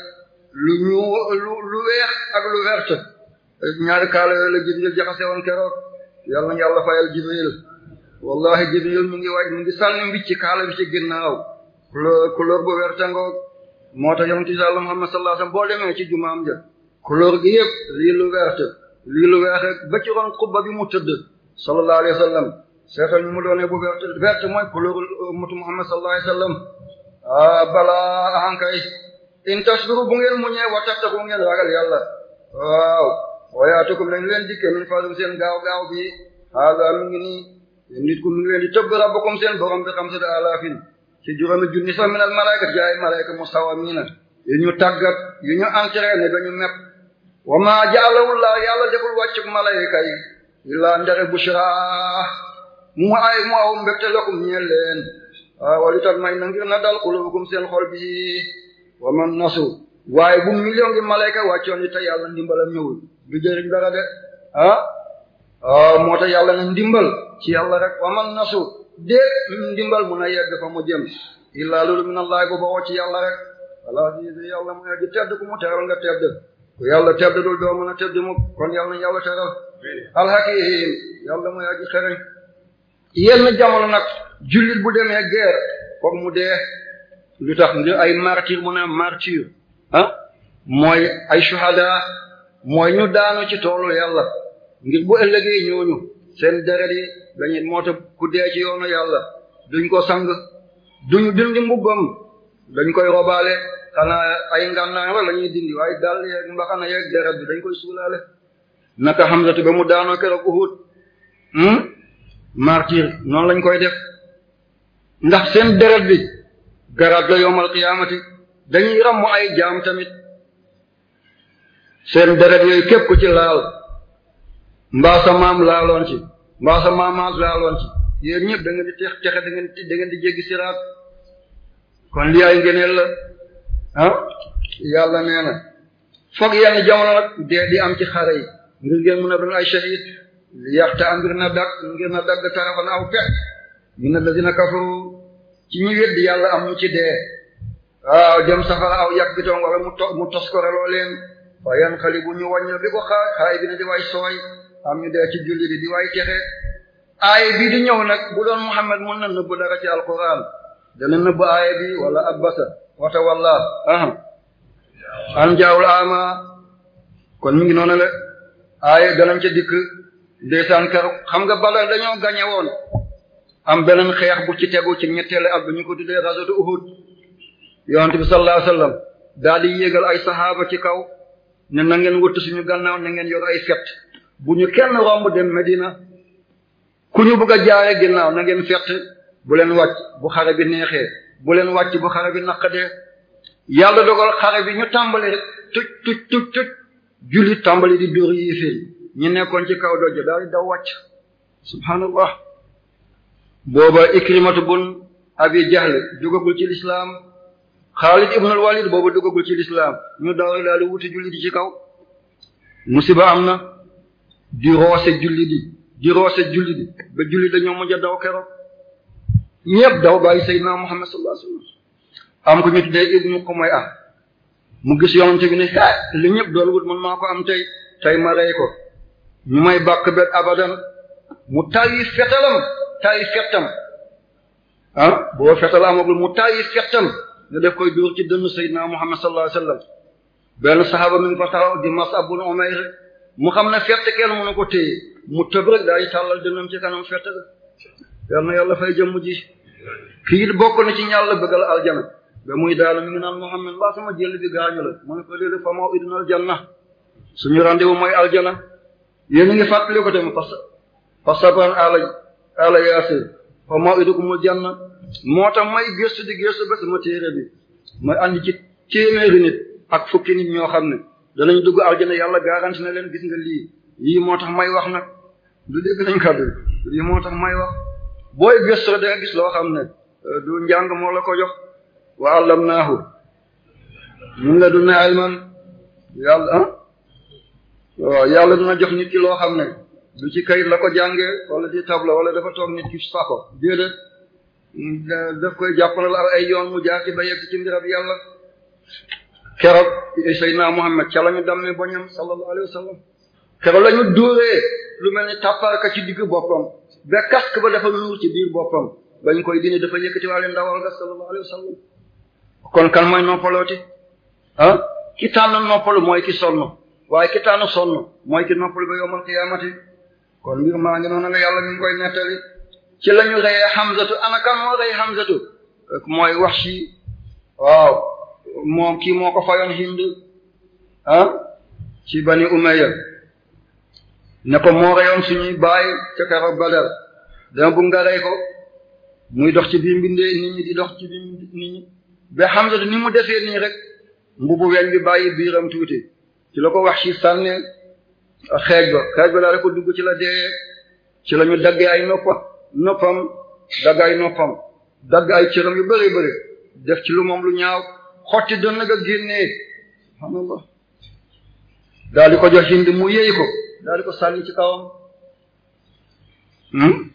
lu ñu lu lu weex ak lu verte ñaari kaala yooyu la Jibril jaxase woon keroog yàlla na yàlla fayal Jibril wallahi Jibril mu ngi waaj mu ngi sànni mbicci kaala bi ci ginnaaw couleur couleur bu verte ngoog moo tax yonent yàlla mu sallallahu alayhi wasallam boo demee ci jumaam ja couleur gi yëpp lii lu verte lii lu weex ba ci ron xubba bi mu tëdd sallallahu alayhi wasallam seetal ñu mu doone bu verte verte mooy couleur ummatu euh, Muhammad sallallahu alayhi wasallam a ah, bala ahankay in tashkuru bu ngeen muñee wa tattaku ngeen ragal yàlla waaw wayaatukum lañ leen dikke min fadum seen gaaw gaaw bi haada mi ngi nii yéen nit ku mi ngi leen di tëbb rabbakum seen borom bi xam sata alaafin ci juróomi junni sax minal malaayka ci ay malaayka musawamina yu ñu tàggat yu ñu entraîné dañu mepp wa ma ja'alawullah yàlla deful wàccuk malaayka yi illaa ndere bushra mu ay mu aw mbégte lakum ñeel leen ah, wali tam may na ngir na dal xulubugum seen xol bii wa man nasu waaye bu million ngi malayka wàccoon yi te yàlla ndimbalam ñëwul du jëriñ dara de ah? ah moo tax yàlla na ndimbal ci yàlla rek wa man nasu de ndimbal mun a yegg fa mu jëm illaa loolu min allahi bu bawoo ci yàlla rek wala aziiz yàlla mu yegg tedd ku mu teral nga tedd ku yàlla tedd dul doo mën a tedd mu kon yàlla yàlla teral alhakiim yàlla mu yegg xereñ yenn jamono nag jullit bu demee guerre foog mu dee lu tax ngir ay martyr mu ne martyr ah mooy ay shuhada mooy ñu daanu ci toolu yàlla ngir bu ëllëgee ñooñu seen deret yi dañuy moo tax ku dee ci yoonu yàlla duñ ko sang duñu dindi mbubbam dañ koy robaale xanaa ay ngànnaay wala ñuy dindi waaye dal yeeg mbaxana yeeg deret bi dañ koy suulaale naka Hamza ba mu daanoo keroog Uhud hmm? martyr noonu lañ koy def ndax seen deret bi garab la yowmal qiyaamati dañuy ràmm ay jaam tamit seen deret yooyu képp ku ci laal mbaa maam laaloon ci mbaa sa maamaat laaloon ci yéen ñëpp da di tex texe da ngeen di da ngeen di jéggi siraat kon li ay ngeneel la ah yàlla nee na foog yenn jamono nag dee di am ci xare yi ngir ngeen mën a doon ay shahid li yaxta ngir na dagg ngir na dagg tarafan aw fekk min alladina kafaru ci ñu weddi yàlla am ñu ci dee waaw jëm safara aw yàq bitoon wala mu to mu toskoreloo leen fa yan xali bu ñu wàñño bi ko xaar xaay bi ne di waay sooy am ñu dee ci julli bi di waay texe aaye bi di ñëw nag bu doon Muhammad mun na nëbb dara ci alquran dana nëbb aaye bi wala abbasa wata walla aha an jaawul ama kon mi ngi noonu la aaye danañ ca dikk ndeysaan keroog xam nga Badar dañoo gañe woon am beneen xeex bu ci tegu ci ñetteelu at bi ñu ko tuddee ghazwatu Uhud yonent bi sallallahu alayhi wasallam daal di yéegal ay saxaaba ci kaw ne na ngeen wëtt suñu gannaaw na ngeen yor ay fett bu ñu kenn romb dem Medina ku ñu bëgg a jaare ginnaaw na ngeen fett bu leen wàcc bu xare bi neexee bu leen wàcc bu xare bi naqadee yàlla dogal xare bi ñu tàmbali rek tuj tuj julli tàmbali di dóor yi fii ñi nekkoon ci kaw doj daal di daw wàcc subhaanallah booba ikrimatu bun abi jahl dugagul ci lislaam xaalid ibn al walid booba dugagul ci lislaam ñu daw daal di wuti julli ci kaw musiba am na di roose julli di di roose julli di ba julli dañoo mujj a daw keroog ñëpp daw bàyyi sayyidina muhammad sallallahu alayhi wasallam am ko ñu tuddee ibnu qumay ah mu gis yonente bi ne ah li wut man maa ko am tey tey ma ko ñu may bàq bet abadan mu tàyyi fetalam tàyyi fettam ah boo fetal mu tàyyi fettam ne def koy dóor ci dënn sayyidina Muhammad sallallahu alayhi wasallam benn saxaaba mi ngi fa taxaw di Mus'ab ibn mu xam ne fett kenn mënu ko téye mu tëb rek daay tàllal dënnam ci kanam fett na yàlla fay jëmm ji kii it bokk na ci ñàll bëggal aljana ba muy daal mi ngi naan Muhammad laa sama jël bi gaañu la mu ne ko léegi fa maw'idunal janna suñu rendez-vous mooy aljana yéen a ngi fàttali ko tamit fas fa sabran ala ala yaasir fa maw'idukumul moo tax may gëstu di gëstu ba sama téere bi may andi ci téeméeri nit ak fukki nit ñoo xam ne danañ dugg aljana yàlla garanti na leen gis nga lii lii moo tax may wax nag du dégg nañ kàddu lii moo tax may wax booy gëstu da nga gis loo xam ne euh, du njàng moo la ko jox wa allamnaahu min ladunna ilman yàlla ah waaw yàlla dina jox nit ki loo xam ne du ci kayit la ko jàngee wala di tabla wala dafa toog nit ki sako déedéet daf koy jàppandal al ay yoon mu jaar ci ba yegg ci mbirab yàlla keroog Seydina Muhammad ca la ñu dammee boñam sallallahu alayhi wa sallam keroog la ñu dóoree lu mel ni tàppaaka ci digg boppam ba casque ba dafa luur ci biir boppam bañ koy dindi dafa yëkkati waale ndawal nga sallallahu alayhi wa sallam kon kan mooy noppalooti ah ki tànn noppalu mooy ki waaye ki tànn sonn mooy ki noppal ba yowmal qiyaamati kon mbir maa ngi noonu la yàlla mi koy nettali ci la ñu reyee Hamzatu ana kan moo rey Hamzatu mooy Wahshi waaw moom kii moo ko fayoon Hind ah ci Bani Umayya ne ko moo reyoon suñuy bàyyi ca keroog Badar dama bëgg nga rey ko muy dox ci bii mbindee nit ñi di dox ci biir nit ñi ba Hamzatu ni mu defee nii rek mbubu weñ bi bàyyi biiram tuuti. ci la ko wax ci sànni xeej ba xeej ba daal ko dugg ci la dee ci la ñu daggee ay noppa noppam dagg ay noppam dagg ay cëram yu bëri bëri def ci lu moom lu ñaaw xotti doon na nga génnee daal ko jox Hind mu yëy ko daal di ko sànni ci kawam hmm?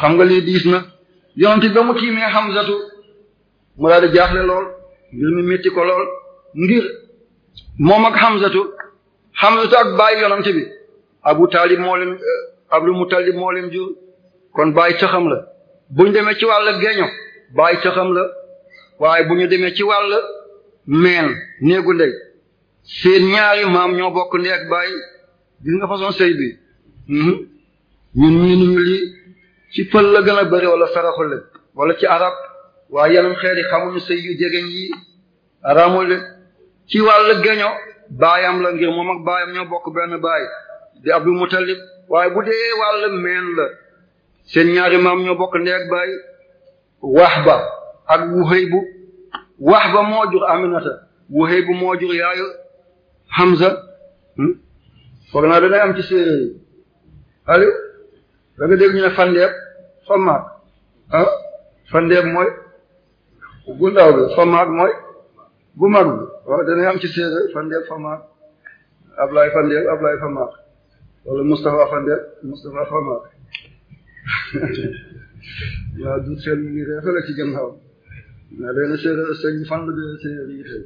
xam nga lii diis na yonent ba mu xam Hamzatu mu daal di jaaxle lool ngir mu métti ko lool ngir moom ak Hamzatu Hamzatu ak baay yonent bi Abu Talib moo leen eh, Abdul Muttalib jur kon baay taxam la bu demee ci wàll geño baay taxam la waaye bu demee ci wàll meen néegu ndey seen ñaari maam ñoo bokk ndey ak baay gis nga façon sëy bi hmm? ñun miinuñu lii ci pël la gën a bëri wala saraxule wala ci arab waaye yeneen xeeti xamuñu sëy yu jegeñ yi aramul ci wàll geño baayam la ngir moom ak baayam ñoo bokk benn baay di Abdul Muttalib waaye bu dee wàll meen la seen ñaari maam ñoo bokk ndey ak baay Wahba ak Wuhayb Wahba moo jur Aminata Wuhayb moo jur yaayu Hamza hmm? foog naa danay am ci séeréer yi Aliou da nga dégg ñu ne fandeeb famaak ah fandeeb mooy gundaw bi famaak mooy bu mag bi waaw danañ am ci séeréer fandeer famaak Ablaye fandeer Ablaye famaak wala Moustapha fandeer Moustapha famaak waaw du seen mu ngi ree ci gannaaw na leen séeréer sëñ fan la dee séeréer yi tey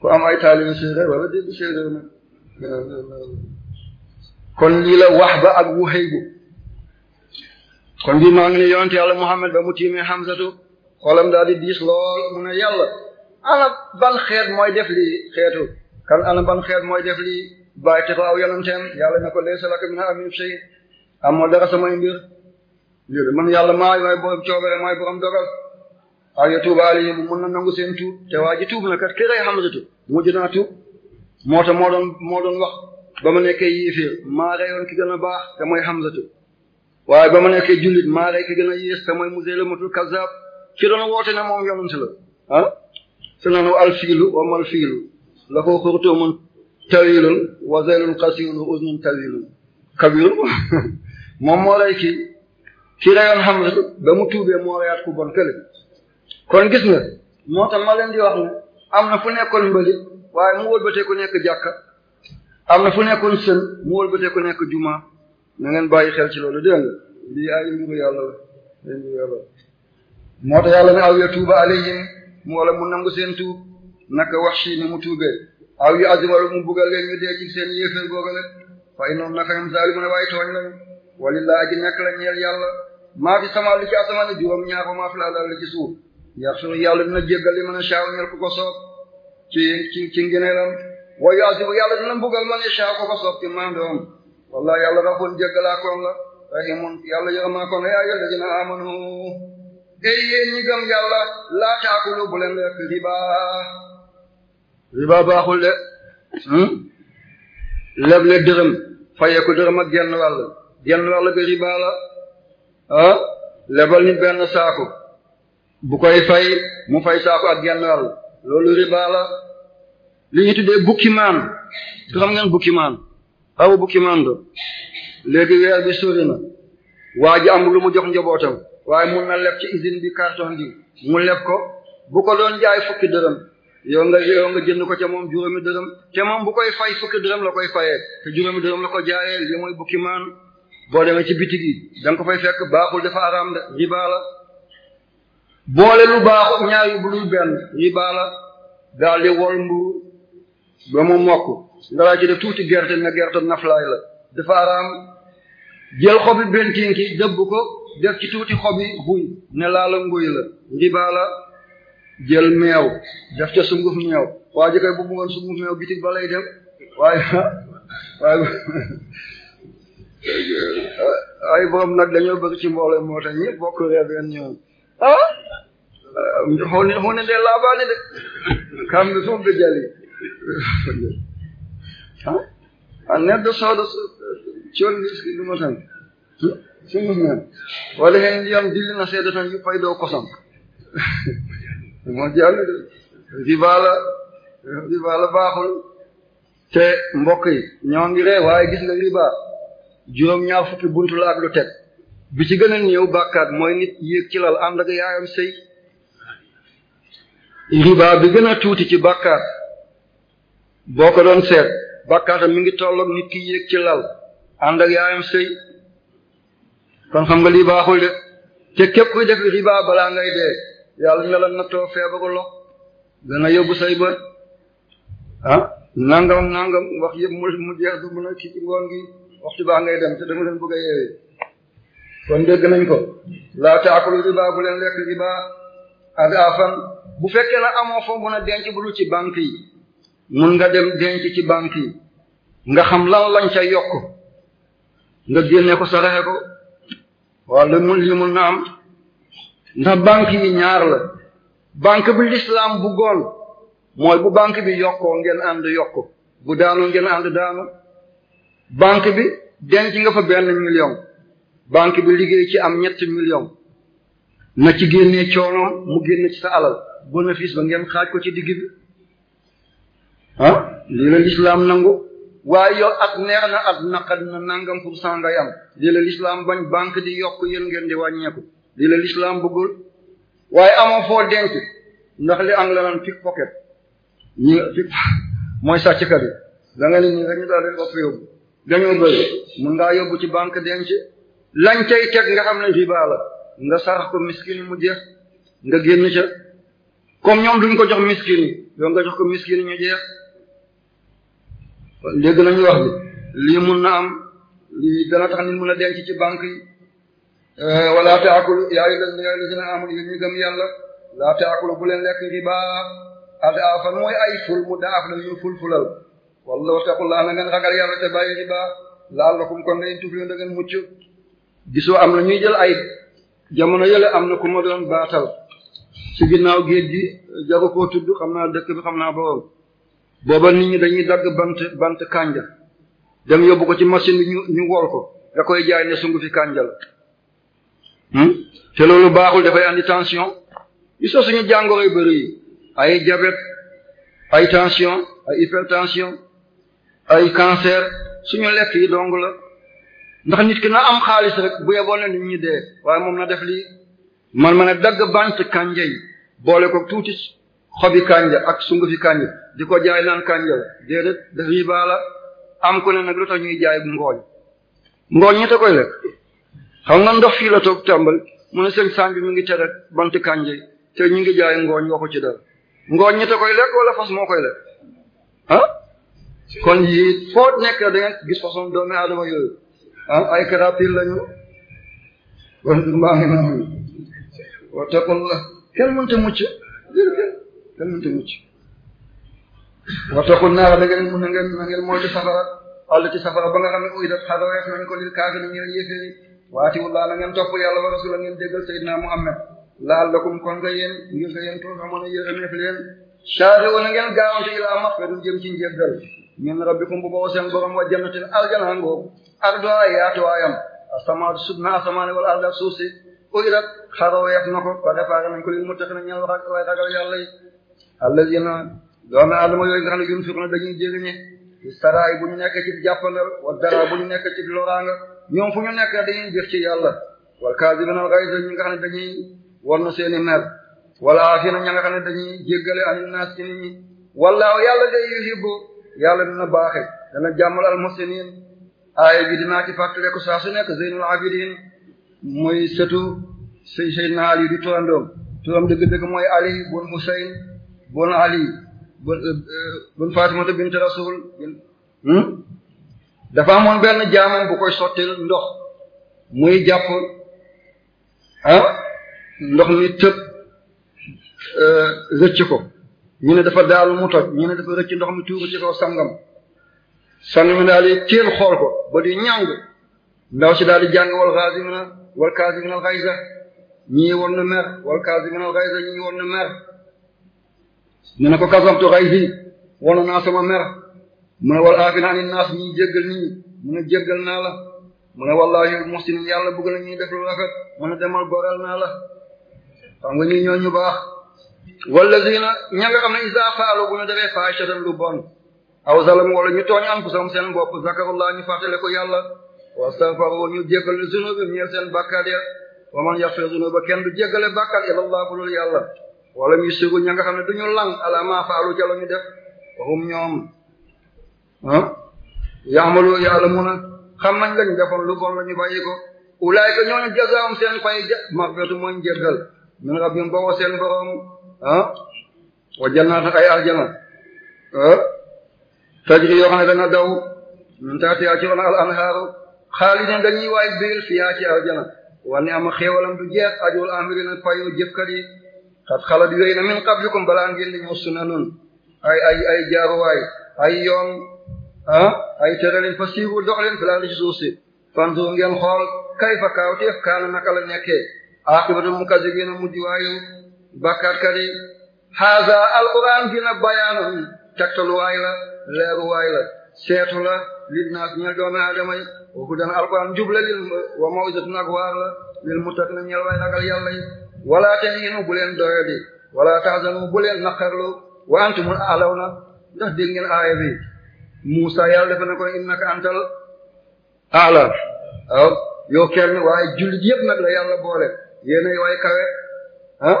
ku am ay kon lii la wax ba ak Wuhaybu kon bi maa ngi ne yonent yàlla Muhammad mu mu tiimee Hamzatu xolam daal di diis lool mu ne yàlla ana ban xeet mooy def lii xeetu kan ana ban xeet mooy def lii bàyyi te ko aw yonanteem yàlla ne ko laysa laka minhaa min shay amoo dara samay mbir loolu man yàlla maay mooy borom coobare mooy borom dogal aw yatuuba alayhim mun na nangu seen tuub te waa ji tuub na kat ki rey Hamzatu mujj naa tuub moo tax moo doon moo wax ba ma nekkee yéeféer maa reyoon ki gën a baax te mooy Hamzatu waaye ba ma nekkee jullit maa rey ki gën a yées te mooy Musaylimatul Kazzaab ki doon woote ne moom yonante la ah? sunanu alfiilu wa mal fiilu lahu xurtumun tawilun wa zaylun qasirun uznun tawilun kabirun moom moo lay kii kii rayoon xam ne ba mu tuubee moo reyaat ku bon kële kon gis nga moo tax ma wax ne am na fu nekkoon mbali waaye mu wëlbatee ku nekk jàkka am na fu nekkoon sën mu wëlbatee ku nekk jumaa na ngeen bàyyi xel ci loolu dégg nga lii ay mbiru yàlla moo tax yàlla ne aw yatuuba alayhim mu wala mu nangu seen tuub naka wax si ni mu tuubee aw yu azim wala mu buggal leen ñu dee ci seen yéeféer googale fay noonu naka ñoom zaalimu ne waaye tooñ lañu walilaa aji nekk la ñeel yàlla maa fi sama li ci asamaan juróom ñaar ba maa fi laa dal li ci suuf yaxsu yàlla dina jéggal li mën a caaw ñel ku ko soob ci ci ci ngineelam wa yu azibu yàlla dina mbugal man i caaw ku ko soob ci mandoom wallaahi yàlla rafun jéggalaa koon la la day yéen ñi gëm yàlla laa taakulu bu leen lekk riba riba baaxul de hmm? leble dërëm fayeeku dërëm ak genn wàll genn wàll bi riba la ah lebal nit benn saako bu koy fay mu fay saako ak genn wàll loolu riba la li ñu tuddee bukki maan du xam ngeen bukki maan aw bukki maan do léegi weer bi sori na waa ji am lu mu jox njabootam waaye mun na leb ci usine bi carton bi mu leb ko bu ko doon jaay fukki dërëm yow nga jënd ko ca moom juróomi dërëm te moom bu koy fay fukki dërëm la koy fayee te juróomi dërëm la ko jaayee li mooy bukki maan boo demee ci bitig yi da ko fay fekk baaxul dafa araam de riba la boole lu baaxul ñaar yu bu benn riba la daal di wol mburu ba mu mokk nga laa ci tuuti gerte na gerte naflaay la dafa araam jël xobi bentinki dëbb ko def ci tuuti xob yi xuy ne laa la nguy la ribaa la def ca sunguf meew waa ji kay bu bëggoon sunguf meew bitig ba lay dem waaye waaye ay borom nag dañoo bëgg ci mboole moo tax ñëpp bokk reer benn ñoom ah xone xone de de kam bi suuf ah, ah, bi jali ah a net de sooda coon gis ki du ma tan si mujmen wala hen ndiyam dillina seeɗa tan yuppay dow kosam moo jàllude ribaala ribaala baaxul te mbokk yi ñoo ngi ree waaye gis nga riba juróom ñaar fukki buntu la lu teg bi ci gën a néew bàkkaat mooy nit yéeg ci lal ànd ak yaayam sëy riba bi gën a tuuti ci bàkkaat boo ko doon seet bàkkaatam mi ngi tolloog nit ki yéeg ci lal ànd ak yaayam sëy kon xam nga lii baaxul de te képp kuy def riba balaa ngay dee yàlla na la nattoo feebaru lo dana yóbbu say bër ah nangam nangam wax yëpp mu mu jeex du mën a kii ci ngoon gi waxtu baa ngay dem te dama leen bëgg a yeewee kon dégg nañ ko laa taakulu riba bu leen lekk riba ad afan bu fekkee na amoo foo mën a denc bu ci banque yi mun nga dem denc ci banque yi nga xam lan lañ ca yokk nga génne ko saraxe ko wala muslimu naam ndax banque yi ñaar la banque bi bu goon mooy bu banque bi yokkoo ngeen ànd yokk bu daanoo ngeen ànd daanu banque bi denc nga fa benn million banque bi liggéey ci am ñetti million na ci génnee coonoom mu génne ci sa alal bénéfice ba ngeen xaaj ko ci digg bi ah lii nangu waaye yow ak neex na ak naqari na nangam pour cent ngay am lii la lislam bañ banque di yokk yéen ngeen di wàññeeku lii la lislaam bëggul waaye amoo foo denc ndax li anglais naan pick pocket ñi pick mooy sàcckat yi da nga ñi rek ñu daal di ëpp yóbbu dañoo bëri mun ngaa yóbbu ci banque denc lañ cay teg nga xam ne riba la nga sarax ko miskin mu jeex nga génn ca comme ñoom duñ ko jox miskin yi yow nga jox ko miskin ñu jeex dégg nañu wax bi lii mun na am lii dana tax nit mun a denc ci banque yi euh, wala taakulu yaa ayyuhallazina amanu yéen ñu gëm yàlla la taakulu bu leen lekk riba adaafan mooy ay ful mu daaf la ñu fulfulal wala wattaqullaha na ngeen ragal yàlla te bàyyi riba la'allakum kon ngeen tuflihun da ngeen mucc gisoo am na ñuy jël ay jamono yële am na ku ma doon baatal ci ginnaaw géej gi jago koo tudd xam naa dëkk bi xam naa boobu booba nit ñi dañuy dagg bant bant kànja dem yóbbu ko ci machine bi ñu ñu wol ko da koy jaay ne sungu fi kànja la hmm? te loolu baaxul dafay andi tension yi soo suñu jàngoro yu bëri ay jabet ay tension ay hypertension ay cancer suñu lekk yi dong la ndax nit ki na am xaalis rek bu yeboon na nit ñi dee waaye moom na def lii man ma ne dagg bant kànja yi boole ko tuuti xobi kanja ak sungufi kanja di ko jaay naan kanja la déedéet daf riba la am ku ne nag lu tax ñuy jaay ngooñ ngooñ ñi te koy lekk xam nga ndox fii la toog tàmbal mu ne seen sànq mu ngi tere bant kanja te ñu ngi jaay ngooñ waxu ci dara ngooñ ñi te koy lekk wala fas moo koy lekk ah kon yii foo nekk da ngeen gis façon doomi aadama yooyu ah ay karapil lañu kon maa ngi naan wa taqul la kenn mënta mucc kenn mënut a mucc wattaqu naara da ngeen mun na safara àll ci safara ba nga xam ne a dat xadareef nañ ko lil kaafir ñu ne yéeféeri waati wullaa na ngeen topp yàlla wa rasul ngeen déggal sayyidina Muhammad la'allakum kon nga yéen ngir nga yéen tuuti amoon na yéex leen saare wala ngeen gaaw ci ilaa maqfiratin jëm min rabbikum bu boo wa jannatin arjana ngoo arduha yaatu waayam asamaatu subna wal arda suusi uy dat xadareef na ko ba defaare nañ ko lil muttaqina ñeel wax allazina doomi aadama yooyu nga xam ne yunfiquna dañuy jëriñe ci saraay bu ñu nekk ci jàppandal wa bu ñu nekk ci loraanga ñoom fu ñu nekk dañuy jëf ci yàlla wal kaasibina al-ghayz ñi nga xam ne dañuy won seeni mer wala afina ña nga xam ne dañuy jéggale ani naas ci nit ñi wallaahu yàlla day yuhibbu yàlla dina baaxe dana jàmmal al-muhsinin aaya bi dinaa ci fàttaleku saa su nekk Zeynul Abidin muy sëtu sëy Seydina Ali di turandoom turam dëgg-dëgg mooy Ali bun Husayn bun ali bun euh, euh, bun fatimata bint rasul hmm? dafa amoon benn jaamam bu koy sottil ndox muy jàpp ah ndox mi tëb euh, rëcc ko ñu ne dafa daalu mu toj ñu ne dafa rëcc ndox mi tuuru ci kaw sangam sangam daal di teel xool ko ba di ñàng ndaw si daal di jàng wal xaasimina wal kaasimina al xaysa ñii woon na mer wal kaasimina al xaysa ñii woon na mer ne na ko kasamtu xay fii wana naa sama mer mu ne wala aafina ani naas ñii jéggal nit ñi mu ne jéggal naa la mu ne wallaahi muhsinin yàlla bëgg na ñuy def lu rafet mu ne demal goreel naa la xam nga ñii ñoo ñu baax wallazina ña nga xam ne isa faalu bu ñu defee faahishatan lu bon aw zalamu wala ñu tooñ anfusahum seen bopp zakarullah ñu fàttale ko yàlla wastaghfaru ñu jéggale zunubi ñeel seen bàkkaar ya wa man yaghfiru zunuba kenn du jéggale bàkkaar illallah bu dul yàlla wala muy siru ña nga xam ne du ñu lang alama faalu ca la ñu def waxum ñoom ah yaalamuna xam nañ lañ defoon lu bon la ñu bàyyi ko ulaayka ñooñu jazaawum seen fay ja magfiratu mooy njéggal min rabbim boo seen borom ah, ay aljana ah yoo xam ne dana min taatiha ci al anhaaru xaalidin dañuy waay biir fiyaa ci aljana wane am xéewalam du jeex ajul amirina fayu xat xalat yooyu na min qablikum balaa ngeen di ñëw sunanun ay ay ay jaaruwaay ay yoon ah ay tëralin fa siibu dox leen filaa di ci suuf si fantu ngeen xool kayfa kaawteef kaana naka la nekkee aaqibatul mukazzibina mujj waayu bakkaatkat yi haza alquran dina bayaanun tegtaluwaay la leeruwaay la seetu la lil naas ñeel doomi aadama yi wa hudan alquran jubla lil wa mawizatun ak waar la lil muttaqina ñeel way ragal yàlla yi wala tahinu bu leen doyadi wala tahzanu bu leen naqarlu wa antumul a'lawna ndax dégg ngeen aaya bi Musa yàlla dafa ne ko innaka antal a'la waaw yow kenn waaye jullit yëpp nag la yàlla boole yéenay ay kawe ah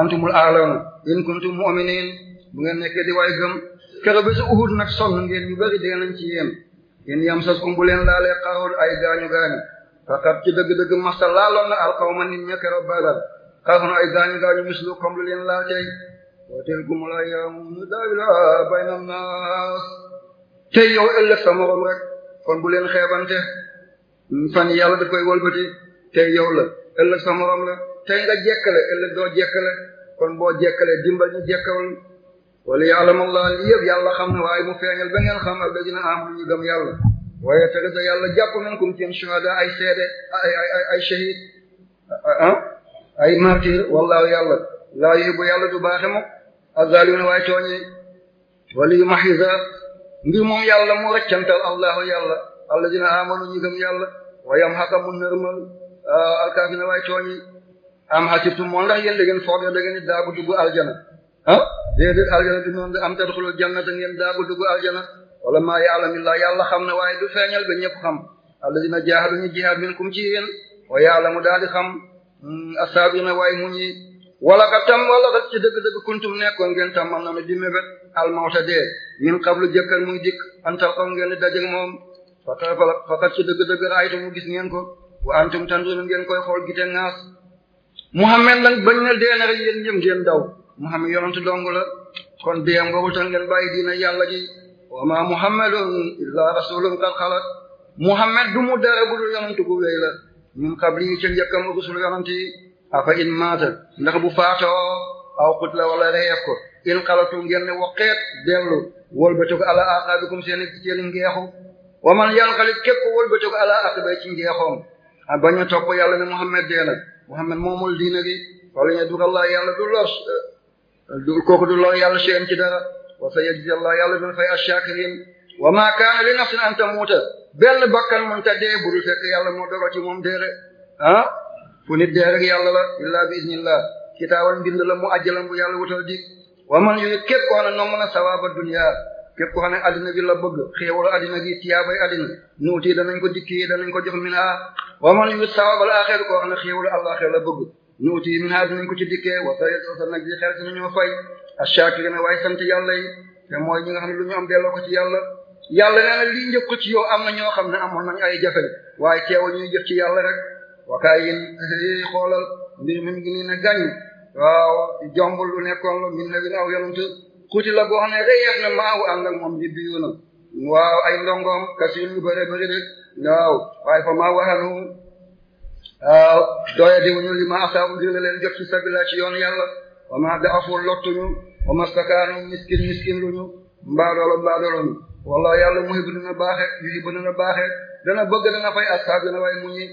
antumul a'lawna in kuntum mu'minin bu ngeen nekkee di waay gëm keroog bi su Uhud nag sonn ngeen ñu bëri dee nañ ci yéen in yamsaskum bu leen laalee qarhun ay gaañu gaañu faqad ci dëgg-dëgg masa laaloon na alqawma nit ña keroog Badar xaasuna ay gaañu gaañu mislu comme lu leen laa tey wateel gumu laa yaamu nu daawila bayna naas tey yow ëllëg sa rek kon bu leen xeebante fan yàlla di koy wëlbati tey yow la ëllëg sa morom la tey nga jekkale ëllëg doo jekkale kon boo jekkale dimbal ñu jekkawul wala ya'lamallahu li yëpp yàlla xam ne waaye mu feeñal ba ngeen xam ak dajina am ñu gëm yàlla waaye tege sa yàlla jàpp minkum seen shuhada ay seede ay ay ay shahid ah, ah, ah. ay martyr wallaahu yàlla laa yóbbu yàlla du baaxe mukk azalimin waaye tooñi wala yu mahiza mbir moom yàlla mu rëccantal allahu yàlla alladina amanu ñu gëm yàlla wa yam xaka mu nërmal alkaafina waaye tooñi am xasibtum moo ndax yéen da ngeen foog da ngeen daagu dugg aljana ah déedéet aljana du noonu am tadxulul jannata ngeen daagu dugg aljana wala maa yaalamillaa yàlla xam ne waaye du feeñal ba ñëpp xam alladina jaahadu ñu jihaad minkum ci yéen wa yaalamu daal di xam Hmm, asaabiina waaye mu ñi wala ka tam wala ka ci dëgg-dëgg kuntum nekkoon ngeen tam man na ne di mébét almawta dee min qablu jëkkan muy dikk antal xaw ngeen di dajeeg moom faka fakat ci dëgg-dëgg raaytu mu gis ngeen ko wa antum tanduna ngeen koy xool gite ngaas Muhammad nag bañ na dee na rek yéen ñëm ngeen daw Muhammad yonent dong la kon diyam boobu tan ngeen bàyyi diina yàlla ji wa ma Muhammadun illa rasulun qad xalat Muhammad du mu dara budul yonent gu min qabli ci njëkkam rusul yonent a afa in maata ndax bu faatoo aw qutla wala reyeef ko in xalatu ngeen ne waqeet dellu wëlbatu ko ala aqabikum seen seen ngeexu wa man yanqalit képp ko wëlbatu ko ala aqibay ci a bañ a topp yàlla ne Muhammad dee Muhammad moomul diina gi wala ñu dugal laa yàlla du los du kooku du lor yàlla seen ci dara wa sayajzi Allah yàlla dina fay ash-shakirin wa ma kaana li nafsin an tamuuta benn bakkan mun ta dee budul fekk yàlla moo dogal ci moom dee rek ah fu nit dee rek yàlla la illaa bi iznillah la mu ajjalam bu yàlla wu dig wa man yooyu képp koo xam ne nomm na sawaaba dunya képp koo xam ne addina bi la bëgg xéewalu addina bi tiyaabay addina nuuti danañ ko dikki danañ ko jox min aa wa man yooyu sawaabal aaxir koo xam ne la bëgg nuuti min ko ci dikkee wa sa nag ji xel si nañoo fay ashaakirina waaye sant yàlla yi te mooy ñi nga xam ne lu ñu am delloo ko ci yàlla yàlla na lii njëkk ci yow am na ñoo xam ne amoon nañ ay jafe waaye teewul ñuy jëf ci yàlla rek wakaay yi eh, xoolal mbir mi ngi nii ne waaw jombul lu nekkoon la min nabi aw yonente xuti la boo xam ne na maawu ànd ak moom jibbi yoona waaw ay ndongoom kasir lu bëre rek waaw waaye fa maa waaw dooye di wuñu li ma asaabu ngir la leen jot ci sabila ci yoon yàlla wa ma da'afu lottuñu wa mastakaanu miskin miskin luñu mbaadoolo mbaadooloñu walla yàlla mu hibbu dana baaxe yu hibbu dana baaxe dana bëgg dana fay askaab dana way muñi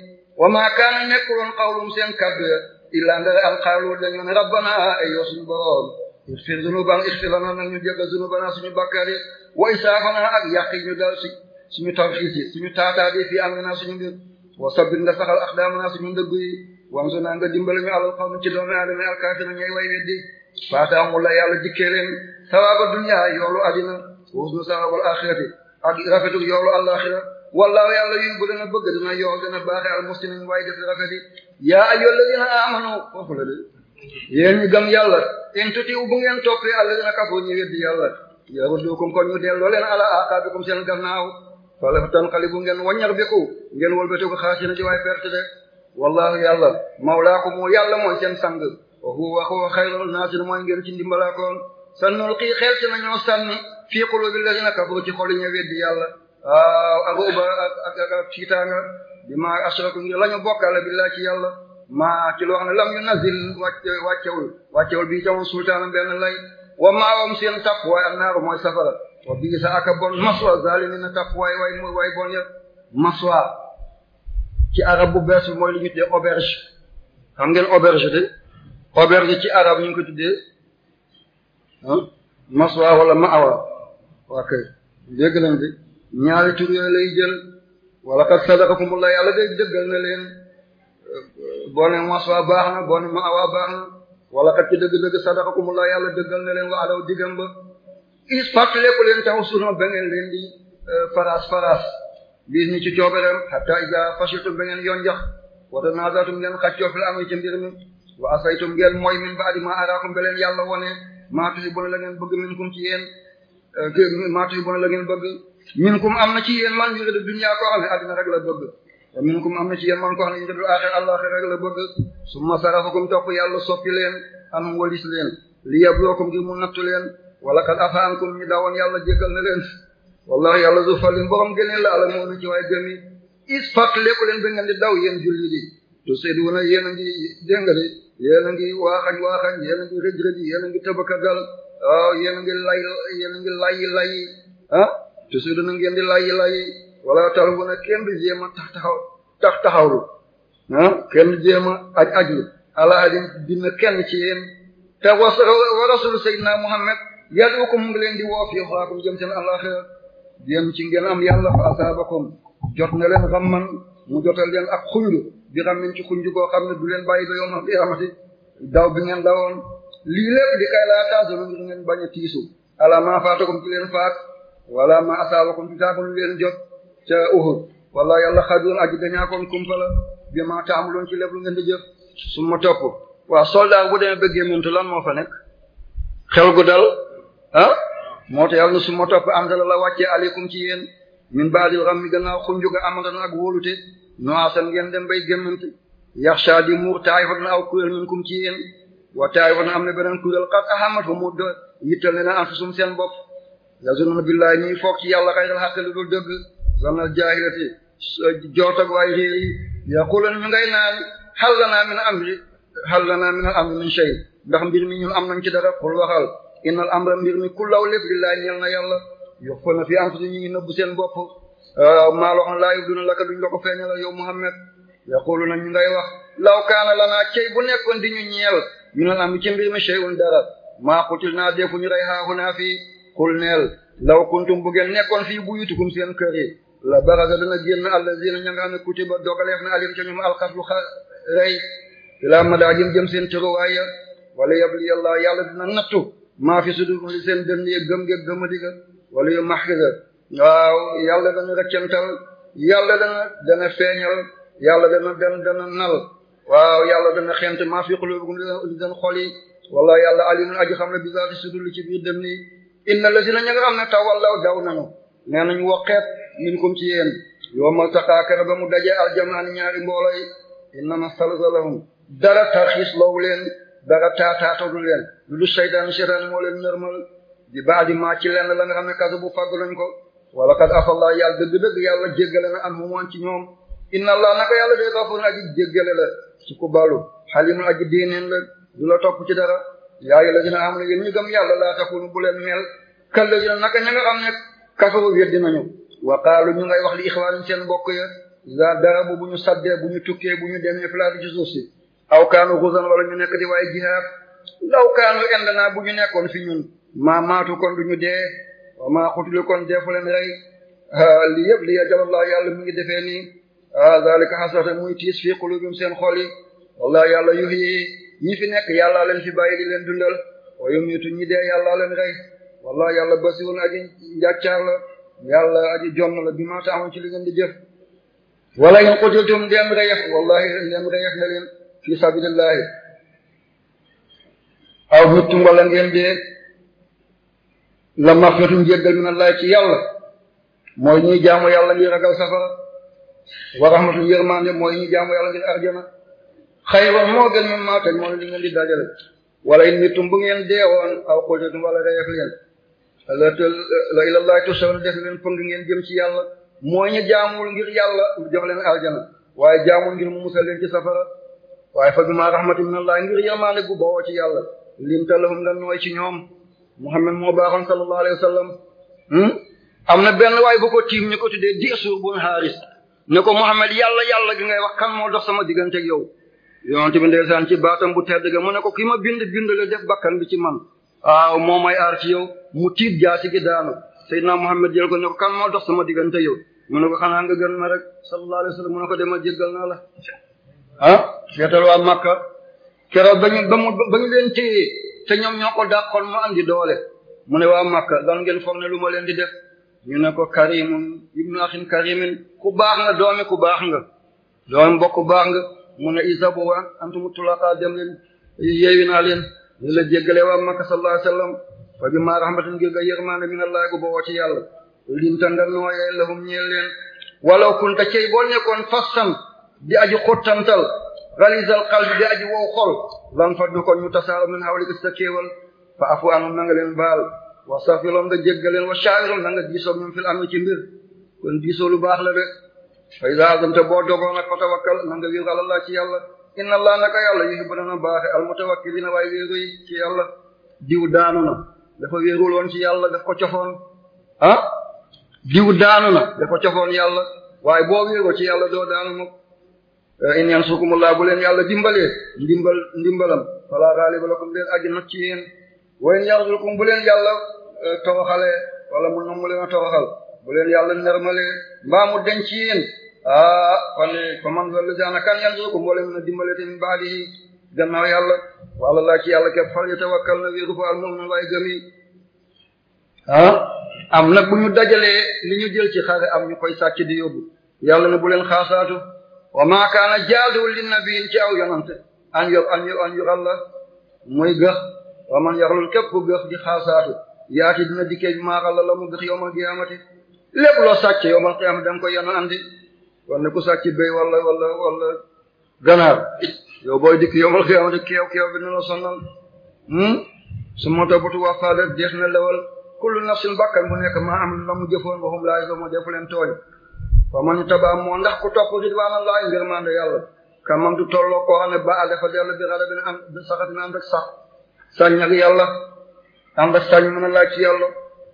wa maa kaana nekkuloon xawlum seen kaddu ya illaa ndara an xaalu dañu ne rabbana ay yow suñu boroom ixfir zunuban ixfirana nag ñu jéggal zunubana suñu bakkari wa isaafana ak yàq ñu dal si suñu tarxiis yi suñu taataadi fii am na suñu mbir wa sabbir nga saxal axdaamana suñu ndëgg yi wanzu naa nga dimbale ñu alal xawmi ci doomi aadama alkaafira ñay way weddi faataamula yàlla dikkee leen sawaaba dunya yoolu adina wusnu saawal axirati ak rafetu yoolu alaxira wallaahu yàlla yuhibbu dana bëgg dana yool dana baaxe al muslimin waaye def rafeti yaa ayyuhal ladina amanu foofu la de yéen ñu gëm yàlla in tuti bu ngeen toppee alladina kafaru ñu weddi yàlla yaruddukum kon ñu delloo leen ala aqabikum seen gannaaw fala tanqalibu ngeen waññar biku ngeen wolbatiku xaasina ci waay perte de wallaahu yàlla mawlaakum moo yàlla mooy seen sang wa huwa xayrul naasir mooy ngeen ci ndimbalaakoon sannul xii xel si nañoo sànni fii qulubil ladina kafaru ci xol yi ñu weddi yàlla waaw ak ruba ak bi ma asraku ngir la ñu bokkale ci yàlla maa ci loo xam ne lam yu nazil wàcc wàccewul wàccewul bii ca moom sultaan benn lay wa maawam seen taqwaay ak naaru safara wa bii aka bon maswa zalimina taqwaay waay waay bon ya maswa ci arab bu bees bi mooy li ñu tuddee auberge xam de auberge ci arab ñu ngi ko tuddee ah, maswa wala maawa waa kay dégg nañ bi ñaari tur yooyu lay jël wala kat sadaqakumullah yàlla day dëggal na leen euh, boo ne mos waa baax na boo ne ma waa baax wala kat ci dëgg-dëgg sadaqakumullah yàlla dëggal na leen wa alaw diggam is fàttaleku leen taxu suuna ba ngeen leen di euh, faras faras bis ni ci coobereem hatta ija fashitum ba ngeen yoon jax wata nazatum ngeen xaccoo fil amri ci mbir mi wa asaytum ngeen mooy min ba'di ma araakum ba leen yàlla wone maa tuhibbuna la ngeen bëgg minkum ci yéen maa tuuti bon la ngeen bëgg min kum am na ci yéen man yuridu dunya koo xam ne addina rek la bëgg wa min am ci yéen man koo a ne yuridu axira àllaxira rek la bëgg summa sarafakum topp yàlla soppi leen am walis leen li yabluwakum ngir mu nattu leen wala qad afa ankum ñi daawoon yàlla jéggal na leen wallahi yàlla zu falin borom gëneen la ala moonu ci waay gëmi isfaq lépp leen ba ngeen di daw yéen julli di tu seyduna yéen a ngi déngadi yéen a ngi waaxañ waaxañ a ngi rëj rëj yéen a ngi tëbaka dal waaw yéen a ngi lay yéen a ngi lay lay ah toujours dana ngeen di lay lay wala taxaw bu kenn du jéem a tax taxaw tax taxawlu ah kenn du jéem a aj ajlu ala ajin kenn ci yéen te wa wa rasul sayyidina Muhammad yad'ukum mu leen di woo fii xaakum jëm seen àllaxira ngeen am yàlla fa asaabakum jot na leen mu jotal leen ak xunju bi xam ci xunju goo xam ne du leen bàyyi ba yow ma qiyaamati bi ngeen dawoon lii lépp di kay laa taasolu ngir ngeen bañ a tiisu ala maa faatakum ci leen faat wala ma asaabakum ci taakon leen jot ca Uhud wala yàlla xabiirun aji dañaakoon kumpala bi ma taamaloon ci lépp ngeen di jëf su ma topp waaw soldat bu demee bëggee muntu lan moo fa nekk xel gu dal ah moo tax yàlla na su ma topp anzala la wàccee aleykum ci yéen min baadil xam mi gannaaw xunjuga amatan ak wóolute noasan ngeen dem bay gémmante yaxsha di muur taayifatan wa ta'ifatun am na beneen kuréel qad ahammatuhum mu yittal ne leen anfusum seen bopp yazununa billahi ñuy foog ci yàlla xayril haqq lu dul dëgg zannal jaahilati joortag waay réeyi yaquluna ñu ngay naan hal lana min amri hal lana min amri min shay ndax mbir mi ñun am nañ ci dara xul waxal innal amra mbir mi kullaw lépp lillahi ñeel na yàlla yukhfuna fi anfusihim ñu ngi nëbb seen bopp maa loo xam laa yubduna laka duñ la ko feeñal yow Muhammad yaquluna ñu ngay wax law di ñu minal am ci mbir mi shay'un dara maa qutil na dee ku ñu rey fi fii xul neel kuntum bu ngeen nekkoon fii buyutukum seen kër yi la baraza dana génn allazina a nga xam ne kutiba dogaleef na alim ca ñoom alxaslu xa ma ilaa madaajim jëm seen tëruwaaya wala yabli allah yàlla dina nattu ma fi sudur li seen dënn yi gëm ge gëma diga wala yu maxrisa waaw yàlla dana rëccantal yàlla dana dana feeñal yàlla dana dana dana nal waaw yàlla dana xent maa fi qulubikum li seen xol yi wala yàlla alimun aji xam ne bisaati sudur li ci biir dem nii inna la si na ña nga xam ne tawallaw daw nanu nee nañ waqeet minkum ci yéen yow ma taqaakara ba mu dajee aljamaani ñaari mbooloo yi inna ma salsalahum dara tarxiis loowu leen dara taataatadu leen lu du seytaane seytaane moo leen nërmal di baax di maa ci lenn la nga xam ne kasu bu fàgg lañ ko wala kat afallah yàlla dëgg-dëgg yàlla jéggale na an humoon ci ñoom inna allah naka yàlla day xafuur aji ci ku balu xalimun aji diineen la du la topp ci dara yaayu la dina am na yéen ñu gëm yàlla laa takunu bu leen mel kal la dina naka ña nga xam ne kafaru weddi nañu wa qaalu ñu ngay wax li ixwaanin seen mbokk ya za darabu bu ñu saddee bu ñu tukkee bu ñu demee flaati ci suuf si aw kaanu xusan wala ñu nekk di waaye jihaad law kaanu indana bu ñu nekkoon fi ñun maa maatu kon du ñu dee wa maa xutulu kon deefu leen rey li yëpp li ya jalallah yàlla mi ngi defee nii ah zalika hasratan muy tiis fii qulubihim seen xol yi wallah yàlla yuhyi ñi fi nekk yàllaa leen fi bàyyi di leen dundal wa yumitu ñi dee yàllaa leen rey wallah yàlla basiwul aji njàccaar la yàlla aji jonn la bi ma taamu ci li ngeen di jëf wala in qutiltum dem reyef wallahi dem reyef na leen fi sabilillahi aw mittum wala ngeen dee la maghfiratun ci yàlla mooy ñuy jaamu yàlla ñuy ragal safara wa rahmatu yërmande mooy ñu jaamu yàlla ngir arjana xaywa moo gën min maa teg moo li di dajale wala in mittum bu ngeen deewoon aw xultatum wala reef leen la ilallahi tusawun def leen pëng ngeen jëm ci yàlla mooy ñu jaamul ngir yàlla jox leen arjana waaye jaamul ngir mu musal leen ci safara waaye fa bima rahmatin minallahi ngir yërmande gu bawoo ci yàlla limta lahum nga nooy ci ñoom muhammad moo baaxoon sallallahu alayhi wa hmm? am na benn waay bu ko tiim ñu ko tuddee di suur bun xaaris ne ko Muhammad yàlla yàlla gi ngay wax kan moo dox sama digganteeg yow yonent bi ndeysaan ci baatam bu tedd ga mu ne ko ki ma bind bind la def bakkan bi ci man waaw moo may aar ci yow mu tiit jaasi gi daanu Seydina Muhammad jël ko ne ko kan moo dox sama diggante yow mu ne ko xanaa nga gën ma rek sallallahu alayhi wa sallam mu ne ko demal jéggal naa la ah seetal waa Makka keroog ba mu ba ñu leen téye te ñoom ñoo ko dàqoon mu andi doole ne waa Makka dan ngeen foog lu ma leen di def ñu ne ko karimun ibnu axin karimin ku baax nga doomi ku baax nga doomi mbokk ku baax nga mu ne isabu wa antumu tulaqa dem leen yeewi naa leen ñu la jéggale wa makka sallallahu alayhi wasallam fa bi ma rahmatin ngir nga yërmaande min allah gu bawoo ci yàlla limta nga nooyee lahum ñeel leen walaw kunta cey boo nekkoon fassan di aji xottantal ralisal qalbi di aji wow xol lan faddu kon ñu tasaaro min hawlika sa kéewal fa afu anu na nga leen baal wastaghfirhum nga jéggaleel wa shawirhum na nga diisoo ñoom fil ci mbir kon diisoo lu baax la de fa iza azamta boo dogoo nag fa tawakkal na nga wéeru alallah ci yàlla inna allah naka yàlla yuhibbu dana baaxe al mutawakkilina waaye wéeru ci yàlla diw daanu dafa wéerul woon ci yàlla daf ko cofoon ah diw daanu na dafa cofoon yàlla waaye boo wéeroo ci yàlla doo daanu mukk eh, in yansukumullah bu leen yàlla dimbalee ndimbal ndimbalam fala ghaliba lakum leen aji ci yéen way yarzuqkum bu leen yàlla euh, toroxale wala mu noom mu leen a toroxal bu yàlla nermale mbaa mu denc yéen ah kon ko man zalla jaana kan yarzuqkum moo leen a dimbale te min baadihi gannaaw yàlla wala laa ci yàlla képp fal yatawakkal na wéeru fa al mu'min waay gëm yi ah am nag bu ñu li ñu jël ci xare am ñu koy sàcc di yóbbu yàlla ne bu leen xaasaatu wa maa kaana jaadu lin nabiyyin ci aw yonante an yor an yor Allah muy gëx wa man yaxlul képp ku gëx di xaasaatu yaati dina dikkee bi maaxal la la mu gëx yowmal qiyaamati lépp loo sàcc yowmal qiyaamati danga koy yenn andi kon ku sàcc béy wala wala wala ganaar yow booy dikk yowmal qiyaamati keew keew bi dina la sonal hmm? su ma toppatu waxaale jeex na lewal kullu nafsin bakkan bu nekk maa am la mu jëfoon waxum laay soo ma defu leen tooñ man tabaa moo ndax ku topp ridwaana laay ngir mande yàlla kamam du tolloo koo xam ne ba a dafa dellu bi rada bi sañ ak yàlla ànd ak sañ mën a laaj ci yàlla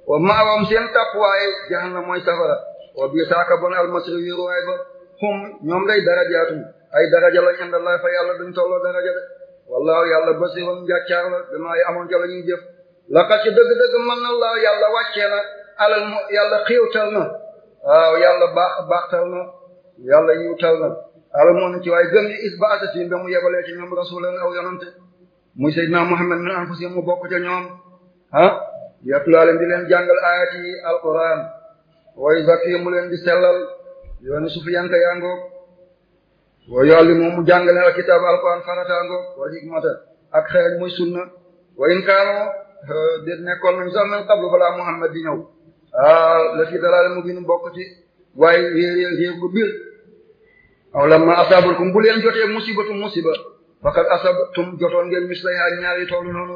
wa maawam seen tàppwaaye jahannam mooy safara wa bi saaka bon almasri yu ruwaay ba xum ñoom day darajaatum ay daraja lañ ànd laa fa yàlla duñ tolloo daraja de wallaahu yàlla basirun njàccaar la damay amoon ca la ñuy jëf laqad ci dëgg-dëgg mën na laa yàlla wàccee na alal mu yàlla xiiwtal na waaw yàlla baax baaxtal na yàlla yiwtal na alal moo na ci waaye gëm yi is baata ci ba mu ñoom rasulan aw yonante muy Seydina Muhammad mu bokk ca ñoom ah yatlu alayhim di leen jàngal ayat yi alquran wa yuzakkiihim mu leen di sellal yoonu sufiyanka yaa ngoog wa yuallimuhum mu jàngal al kitaab alquran farataa ngoog wal ak xeer muy sunna wa in kaanu déet nekkoon nañ sax min qablu balaa Muhammad di ñëw ah la fi dalal mubiin bokk ci waaye réer réer gu biir aw lamma asaabatkum bu leen faqad asabtum jotoon ngeen mislaha ñaari toolu noonu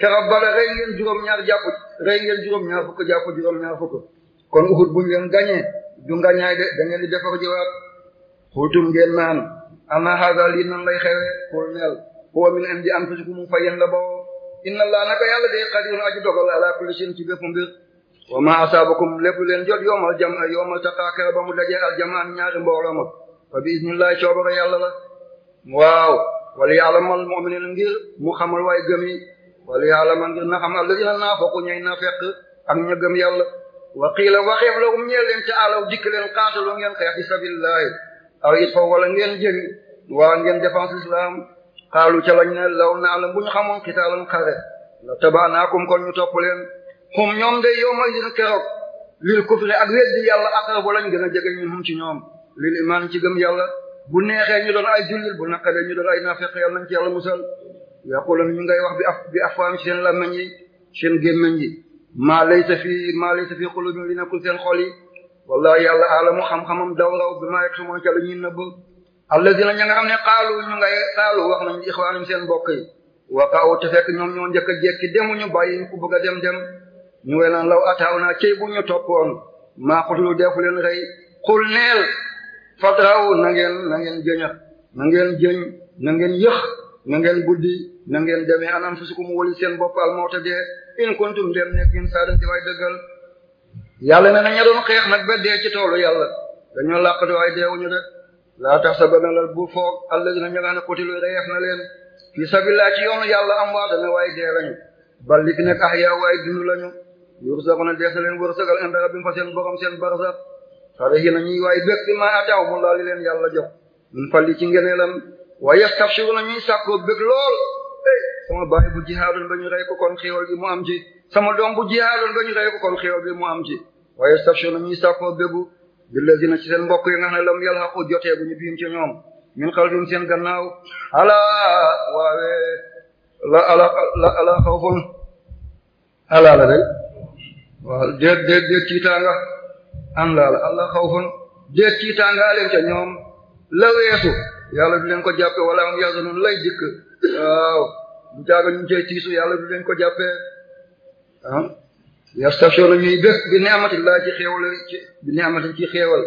keroog bala rey ngeen juróom-ñaar jàpp rey ngeen juróom-ñaar fukk jàpp juróom-ñaar fukk kon Uhud buñ leen gañee du ngañaay de da ngeen di defar jiwaat xultum ngeen naan ana hada lii nan lay xewe xul neel huwa min indi anfusikum fa yéen la bawoo inna allah naka yàlla de qadirun aji dogal ala kulli shay'in ci bépp mbir wa ma asabakum lépp leen jot yoomal jam yoomal taqaaka ba mu dajee al jamaan ñaari mbooloo ma fa bi isnillahi coobara wala yàlla mal a ngir mu xam waaye gëm yi wala yàlla ma ngir na xam alladina naafaqu ñay na fekk ak ña gëm yàlla wa qiila waxeef la um ñeel leen ca àlaw dikk leen qaatalu ngeen xeex fi sabilillahi aw it fa wala ngeen jëri waa ngeen défense islam xaalu ca lañ ne law naa bu ñu xamoon xitaalan xare la tabanaakum kon ñu topp leen xum ñoom day yow may dina keroog lil kufri ak weddi yàlla aqrabu lañ gën a jege ñun hum ci ñoom lil imaan ci gëm yàlla bu neexee ñu doon ay jullit bu naqaree ñu doon ay naafeq yàlla nañ ci yàlla musal yaqulun ñu ngay wax bi af bi afwaam ci seen làmmeñ yi seen gémmeñ yi maa laysa fi maa laysa fi qulubihim li seen xol yi wallahi yàlla alamu xam-xamam daw raw bi maa yeg sumoon ca lu ñuy nëbb na ña nga xam ne xaalu ñu ngay xaalu wax nañ ixwaanum seen mbokk yi waqaaw te fekk ñoom ñoo njëkk a jekki demuñu bàyyi ku bëgg a dem dem ñu we naan law ataaw naa cey bu ñu toppoon maa xutlu deefu leen rey fadraw na nangeen na ngeen jëñat ngeen jëñ na ngeen yëx na ngeen buddi na ngeen demee anam fusukum wali seen boppal moo ta dee in kuntum dem nekk in saa di waay dëggal yàlla ne na ña doon xeex nag ba dee ci toolu yàlla dañoo làqatu waay deewuñu de laa tax sa bana lal bu foog alladina ña nga ne qutilu reyeef na leen fi sabilillah ci yoonu yàlla am waa waay dee lañu bal li fi nekk ahya waay dund lañu yurzaquna dees na leen wërsëgal inda rabbim fa seen borom seen barsax tarihi na ñuy waay bég bi maa ataw mu laa li leen yàlla jox min fali ci ngeneelam wa yastabshiru na ñuy sàkkoo bég lool éy eh, sama bu jihaadoon ba ñu rey ko kon xéewal bi mu am ci sama doom bu jihaadoon ba rey ko kon xéewal bi mu am ci wa yastabshiru na ñuy sàkkoo bégu billazina ci seen mbokk yi nga xam ne lam yàlla xaqu jotee bu ñu biim ci ñoom min xalfihim seen gannaaw ala waawe la ala la ala xawfun la day waaw déet déet déet tiitaanga am laa la allah xawfun déet ci tàngaaleen ca ñoom la weesu yàlla du leen ko jàppe wala am yaxsanun lay dikk waaw ñu caaga ñu yàlla du leen ko jàppee ah yastafshuna ñuy bég bi ni'mati laa ci xéewal ci bi ni'mati ci xéewal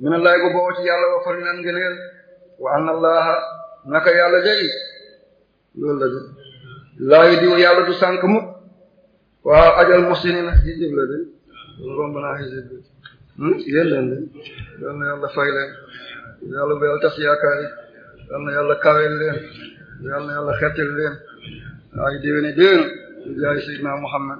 mina laay bu boo ci yàlla wa farinan ngëneel anna allaha naka yàlla day loolu la du laayi diw yàlla du sànk mukk waaw ajal muhsinin na xisib la de romb naa xisib Hmm? yéen leen leen yal na yàlla fay leen yàlla bu yàlla tas yaakaar yi yal na yàlla kawel leen yal na yàlla xeetal leen ay déwéni déwén di jaay Seydina Muhammad